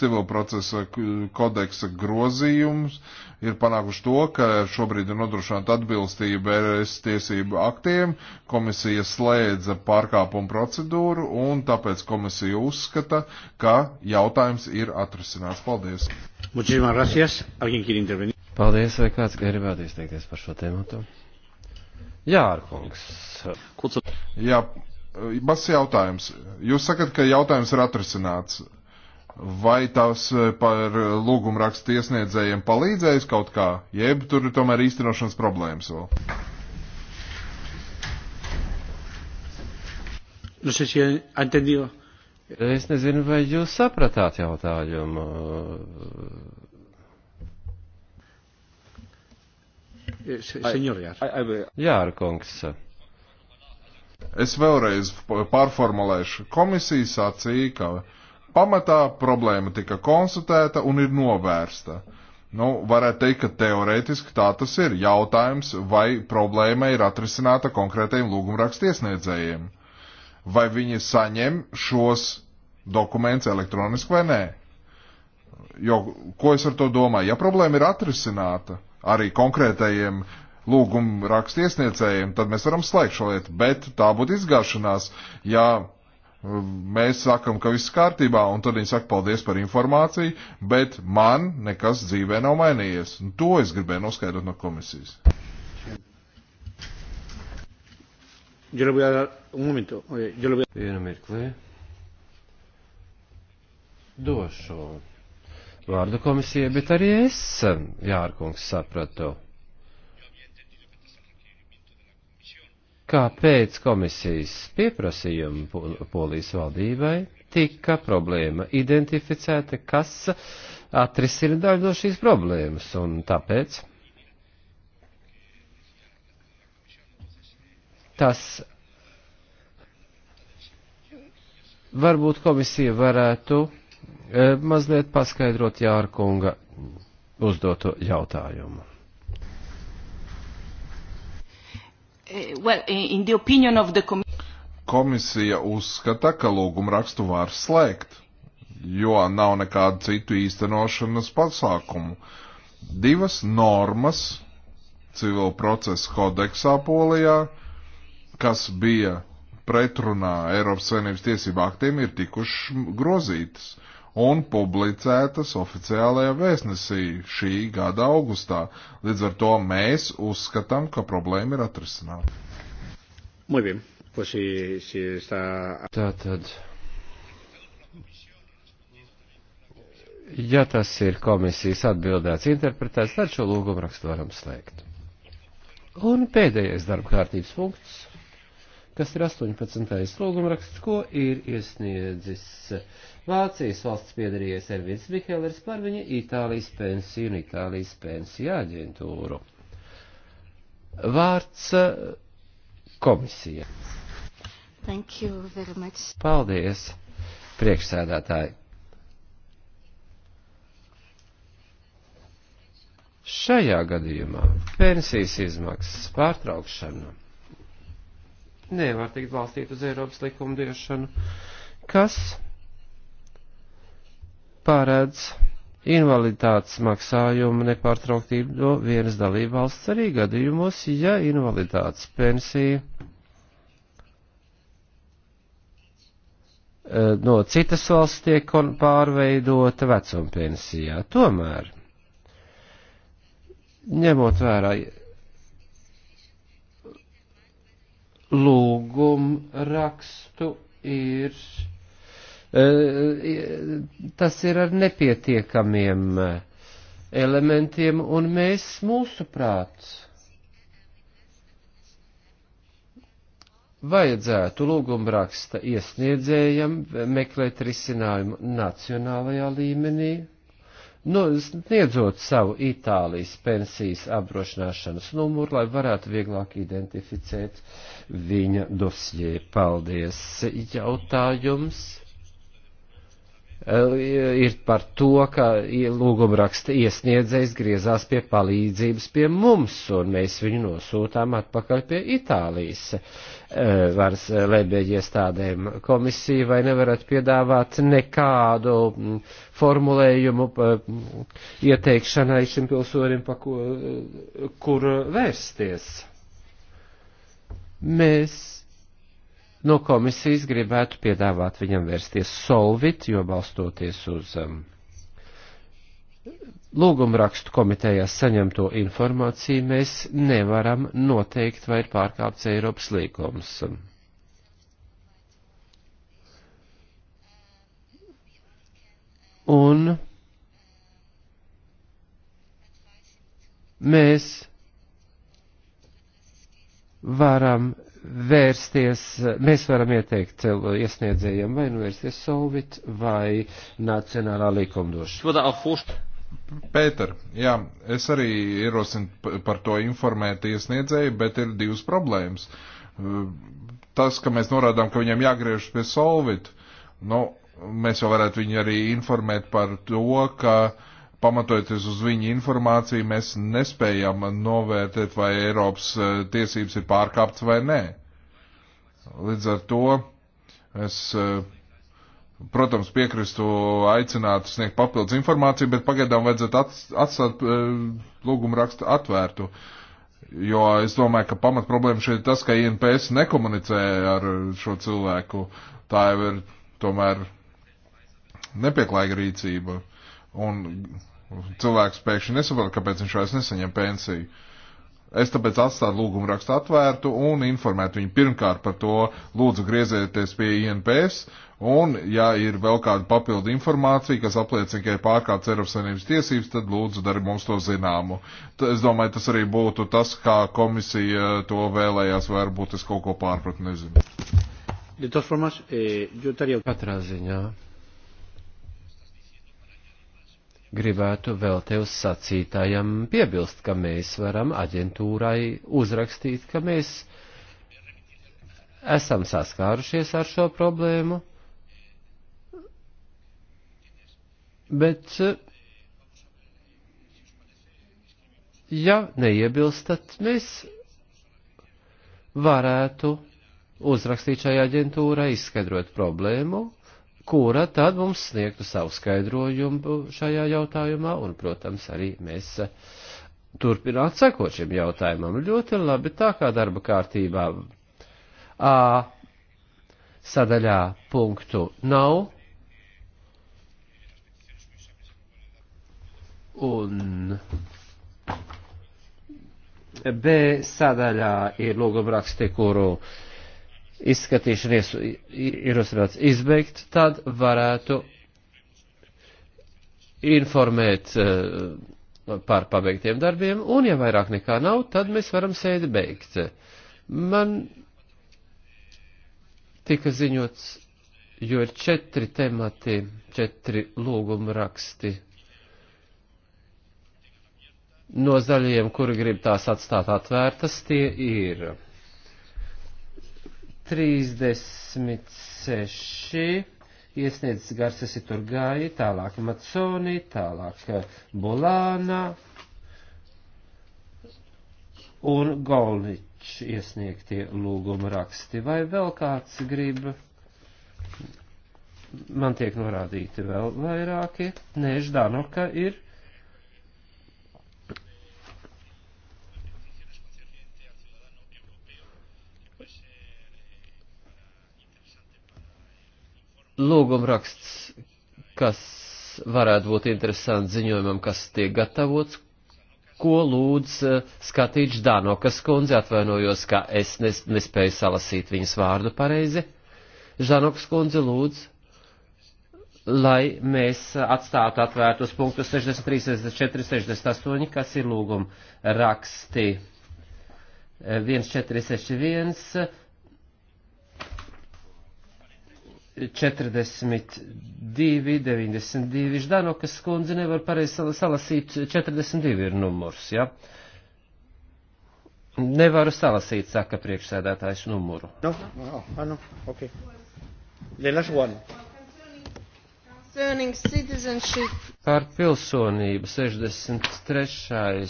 civil procesa kodeksa grozījums ir panākuši to, ka šobrīd ir nodrošināta atbilstība ES tiesību aktiem, komisija slēdza pārkāpumu procedūru un tāpēc komisija uzskata, ka jautājums ir atrisināts. Paldies! Paldies, vai kāds gribētu izteikties par šo tēmu? Jā, Arkungs. Jā, Bas jautājums. Jūs sakat, ka jautājums ir atrisināts vai tas eh, par lūgumu rakstu iesniedzējiem palīdzējis kaut kā, jeb tur ir tomēr īstenošanas problēmas vēl? No sé si ha entendido. Es nezinu, vai jūs sapratāt jautājumu. Eh, Jā, kungs. Es vēlreiz pārformulēšu. Komisija sacīja, ka Pamatā problēma tika konstatēta un ir novērsta. Nu, varētu teikt, ka teorētiski tā tas ir. Jautājums, vai problēma ir atrisināta konkrētajiem lūgumrakstiesniedzējiem. Vai viņi saņem šos dokumentus elektroniski vai nē? Jo, ko es ar to domāju? Ja problēma ir atrisināta arī konkrētajiem lūgumrakstiesniedzējiem, tad mēs varam slēgt šo lietu, bet tā būtu izgāšanās, ja mēs sakam, ka viss kārtībā, un tad viņi saka paldies par informāciju, bet man nekas dzīvē nav mainījies. Un to es gribēju noskaidrot no komisijas. Vienu mirklī. Došu vārdu komisijai, bet arī es, Jārkungs, sapratu kāpēc komisijas pieprasījuma polijas valdībai tika problēma identificēta, kas atrisina daļu no šīs problēmas, un tāpēc tas varbūt komisija varētu eh, mazliet paskaidrot Jārkunga uzdoto jautājumu. Eh, well, in the opinion of the commission. Komisija uzskata, ka lūgumu rakstu var slēgt, jo nav nekādu citu īstenošanas pasākumu. Divas normas civil procesa kodeksā Polijā, kas bija pretrunā Eiropas Savienības tiesību aktiem, ir tikušas grozītas. Uh, un publicētas oficiālajā vēstnesī šī gada augustā. Līdz ar to mēs uzskatām, ka problēma ir atrisināta. Muy bien. Pues si, si está... Tātad. Ja tas ir komisijas atbildēts interpretēts, tad šo lūgumu rakstu varam slēgt. Un pēdējais darba kārtības punkts, kas ir 18. lūgumraksts, ko ir iesniedzis uh, Vācijas valsts piedarījies Ervins Mihelers par viņa Itālijas pensiju un Itālijas pensiju aģentūru. Vārds eh, komisija. Thank you very much. Paldies, priekšsēdētāji. Šajā gadījumā pensijas izmaksas pārtraukšana nevar tikt balstīt uz Eiropas likumdošanu, kas paredz invaliditātes maksājumu nepārtrauktību no vienas dalībvalsts arī gadījumos, ja invaliditātes pensija e, no citas valsts tiek pārveidota vecumpensijā. Tomēr, ņemot vērā lūgumu rakstu, ir Eh, tas ir ar nepietiekamiem eh, elementiem, un mēs mūsu prāts vajadzētu lūgumraksta iesniedzējam meklēt risinājumu nacionālajā līmenī, nu, sniedzot savu Itālijas pensijas apdrošināšanas numuru, lai varētu vieglāk identificēt viņa dosjē. Paldies! Jautājums! ir par to, ka lūgumraksta iesniedzējs griezās pie palīdzības pie mums, un mēs viņu nosūtām atpakaļ pie Itālijas e, varas lēbēģiestādēm. Komisija vai nevarat piedāvāt nekādu formulējumu ieteikšanai šim pilsonim, pa kur, e, kur vērsties? Mēs No komisijas gribētu piedāvāt viņam vērsties solvit, jo balstoties uz um, lūgumrakstu komitējās saņemto informāciju mēs nevaram noteikt, vai ir pārkāpts Eiropas līgums. Un mēs varam vērsties, mēs varam ieteikt iesniedzējiem vai nu vērsties Solvit vai Nacionālā likumdošana. Pēter, jā, es arī ierosinu par to informēt iesniedzēju, bet ir divas problēmas. Tas, ka mēs norādām, ka viņam jāgriežas pie Solvit, nu, mēs jau varētu viņu arī informēt par to, ka uh, pamatojoties uz viņu informāciju, mēs nespējam novērtēt, vai Eiropas e, tiesības ir pārkāptas vai nē. Līdz ar to es, e, protams, piekristu aicināt sniegt papildus informāciju, bet pagaidām vajadzētu atstāt e, lūgumu rakstu atvērtu. Jo es domāju, ka pamat problēma šeit ir tas, ka INPS nekomunicē ar šo cilvēku. Tā jau ir tomēr nepieklājīga rīcība. Un cilvēks pēkšņi nesaprot, kāpēc viņš vairs nesaņem pensiju. Es tāpēc atstāju lūgumu rakstu atvērtu un informētu viņu pirmkārt par to, lūdzu griezieties pie INPS, un ja ir vēl kāda papildu informācija, kas apliecina, ka ir pārkāpts Eiropas Savienības tiesības, tad lūdzu dari mums to zināmu. T es domāju, tas arī būtu tas, kā komisija to vēlējās, varbūt es kaut ko pārpratu, nezinu. Eh, Katrā ziņā gribētu vēl tev sacītājam piebilst, ka mēs varam aģentūrai uzrakstīt, ka mēs esam saskārušies ar šo problēmu, bet ja neiebilstat, mēs varētu uzrakstīt šai aģentūrai, izskaidrot problēmu kura tad mums sniegtu savu skaidrojumu šajā jautājumā, un, protams, arī mēs eh, turpināt sekot šim jautājumam. Ļoti labi tā kā darba kārtībā A sadaļā punktu nav. Un B sadaļā ir lūgumraksti, kuru uh, izskatīšana ierosināts izbeigt, tad varētu informēt eh, par pabeigtiem darbiem, un ja vairāk nekā nav, tad mēs varam sēdi beigt. Man tika ziņots, jo ir četri temati, četri lūguma raksti no zaļajiem, kuri grib tās atstāt atvērtas, tie ir 36 iesniedzis Garces Iturgai, tālāk Maconi, tālāk Bolāna un Golnič iesniegtie lūguma raksti. Vai vēl kāds grib? Man tiek norādīti vēl vairāki. Nē, Ždanoka ir lūgumraksts, kas varētu būt interesants ziņojumam, kas tiek gatavots, ko lūdz eh, skatīt Ždanokas kundze, atvainojos, ka es nes, nespēju salasīt viņas vārdu pareizi. Ždanokas kundze lūdz, lai mēs atstātu atvērtus punktus 63, 64, 68, kas ir lūguma raksti 1461, 42, 92, Ždanokas kundze nevar pareizi salasīt, 42 ir numurs, ja? Nevaru salasīt, saka priekšsēdētājs numuru. No, no, ah, no, ok. The last one. Par pilsonību 63.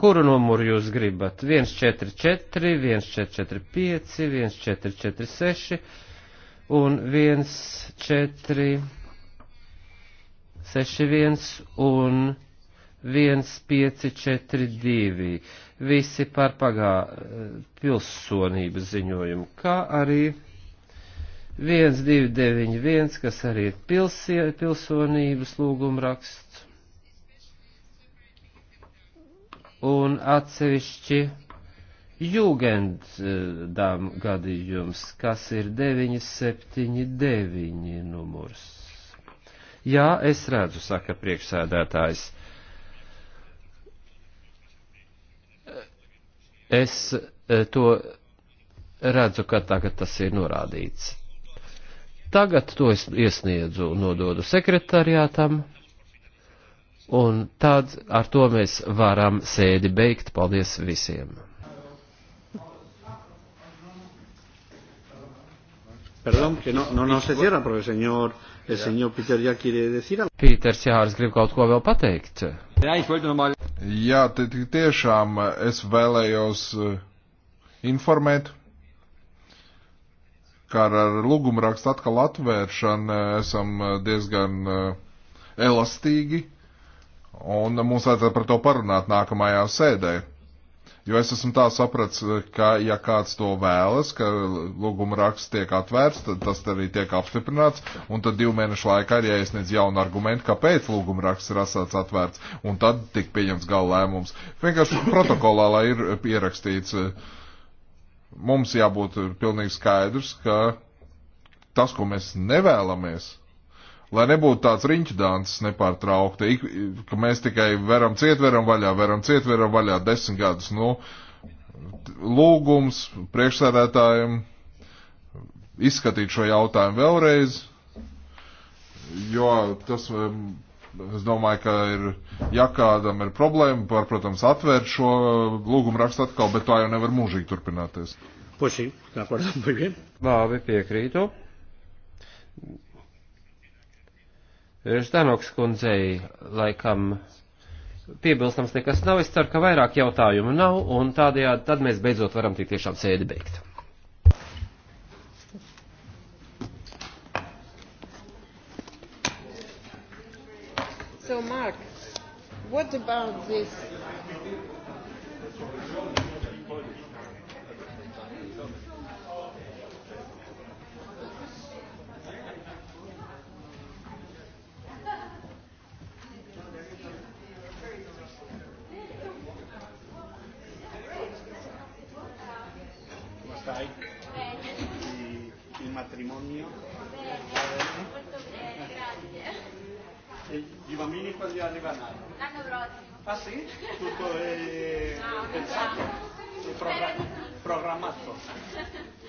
Kuru numuru jūs gribat? 144, 1445, 1446 un 1, 4, 6, 1 un 1, 5, 4, 2. Visi par pagā pilsonības ziņojumu, kā arī 1, 2, 9, 1, kas arī ir pilsie, pilsonības lūgumraksts. Un atsevišķi jūgendām gadījums, kas ir 979 numurs. Jā, es redzu, saka priekšsēdētājs. Es e, to redzu, ka tagad tas ir norādīts. Tagad to es iesniedzu un nododu sekretariātam, un tad ar to mēs varam sēdi beigt. Paldies visiem! Perdón, que no, no, no se cierra, porque el señor, el señor Peter ya quiere decir algo. Pīters Jārs grib kaut ko vēl pateikt. Jā, tiešām es vēlējos eh, informēt, kā ar lūgumu rakstu atkal atvēršanu eh, esam eh, diezgan elastīgi, un mums vajadzētu par to parunāt nākamajā sēdē. Jo es esmu tā sapratis, eh, ka ja kāds to vēlas, ka lūguma raksts tiek atvērts, tad tas arī tiek apstiprināts, un tad divu mēnešu laikā ir jāiesniedz jauni argumenti, kāpēc lūguma raksts ir atsāts atvērts, un tad tik pieņems gala lēmums. Vienkārši protokolā, lai ir pierakstīts, eh, mums jābūt pilnīgi skaidrs, ka tas, ko mēs nevēlamies, Lai nebūtu tāds riņķdāns nepārtraukta, ik, ka mēs tikai veram cietveram vaļā, veram cietveram vaļā desmit gadus. Nu, lūgums priekšsēdētājiem izskatīt šo jautājumu vēlreiz, jo tas, es domāju, ka ir, ja kādam ir problēma, var, protams, atvērt šo eh, lūgumu rakstu atkal, bet tā jau nevar mūžīgi turpināties. Poši, tā, protams, Labi, piekrītu. Ždanoks kundzei laikam piebilstams nekas nav. Es ceru, ka vairāk jautājumu nav, un tādējādi tad mēs beidzot varam tik tiešām sēdi beigt. So, Mark, what about this? matrimonio. Bene, e eh, i bambini quando arriveranno? L'anno prossimo. Ah sì? Tutto è eh, no, pensato, no. Pro- programmato.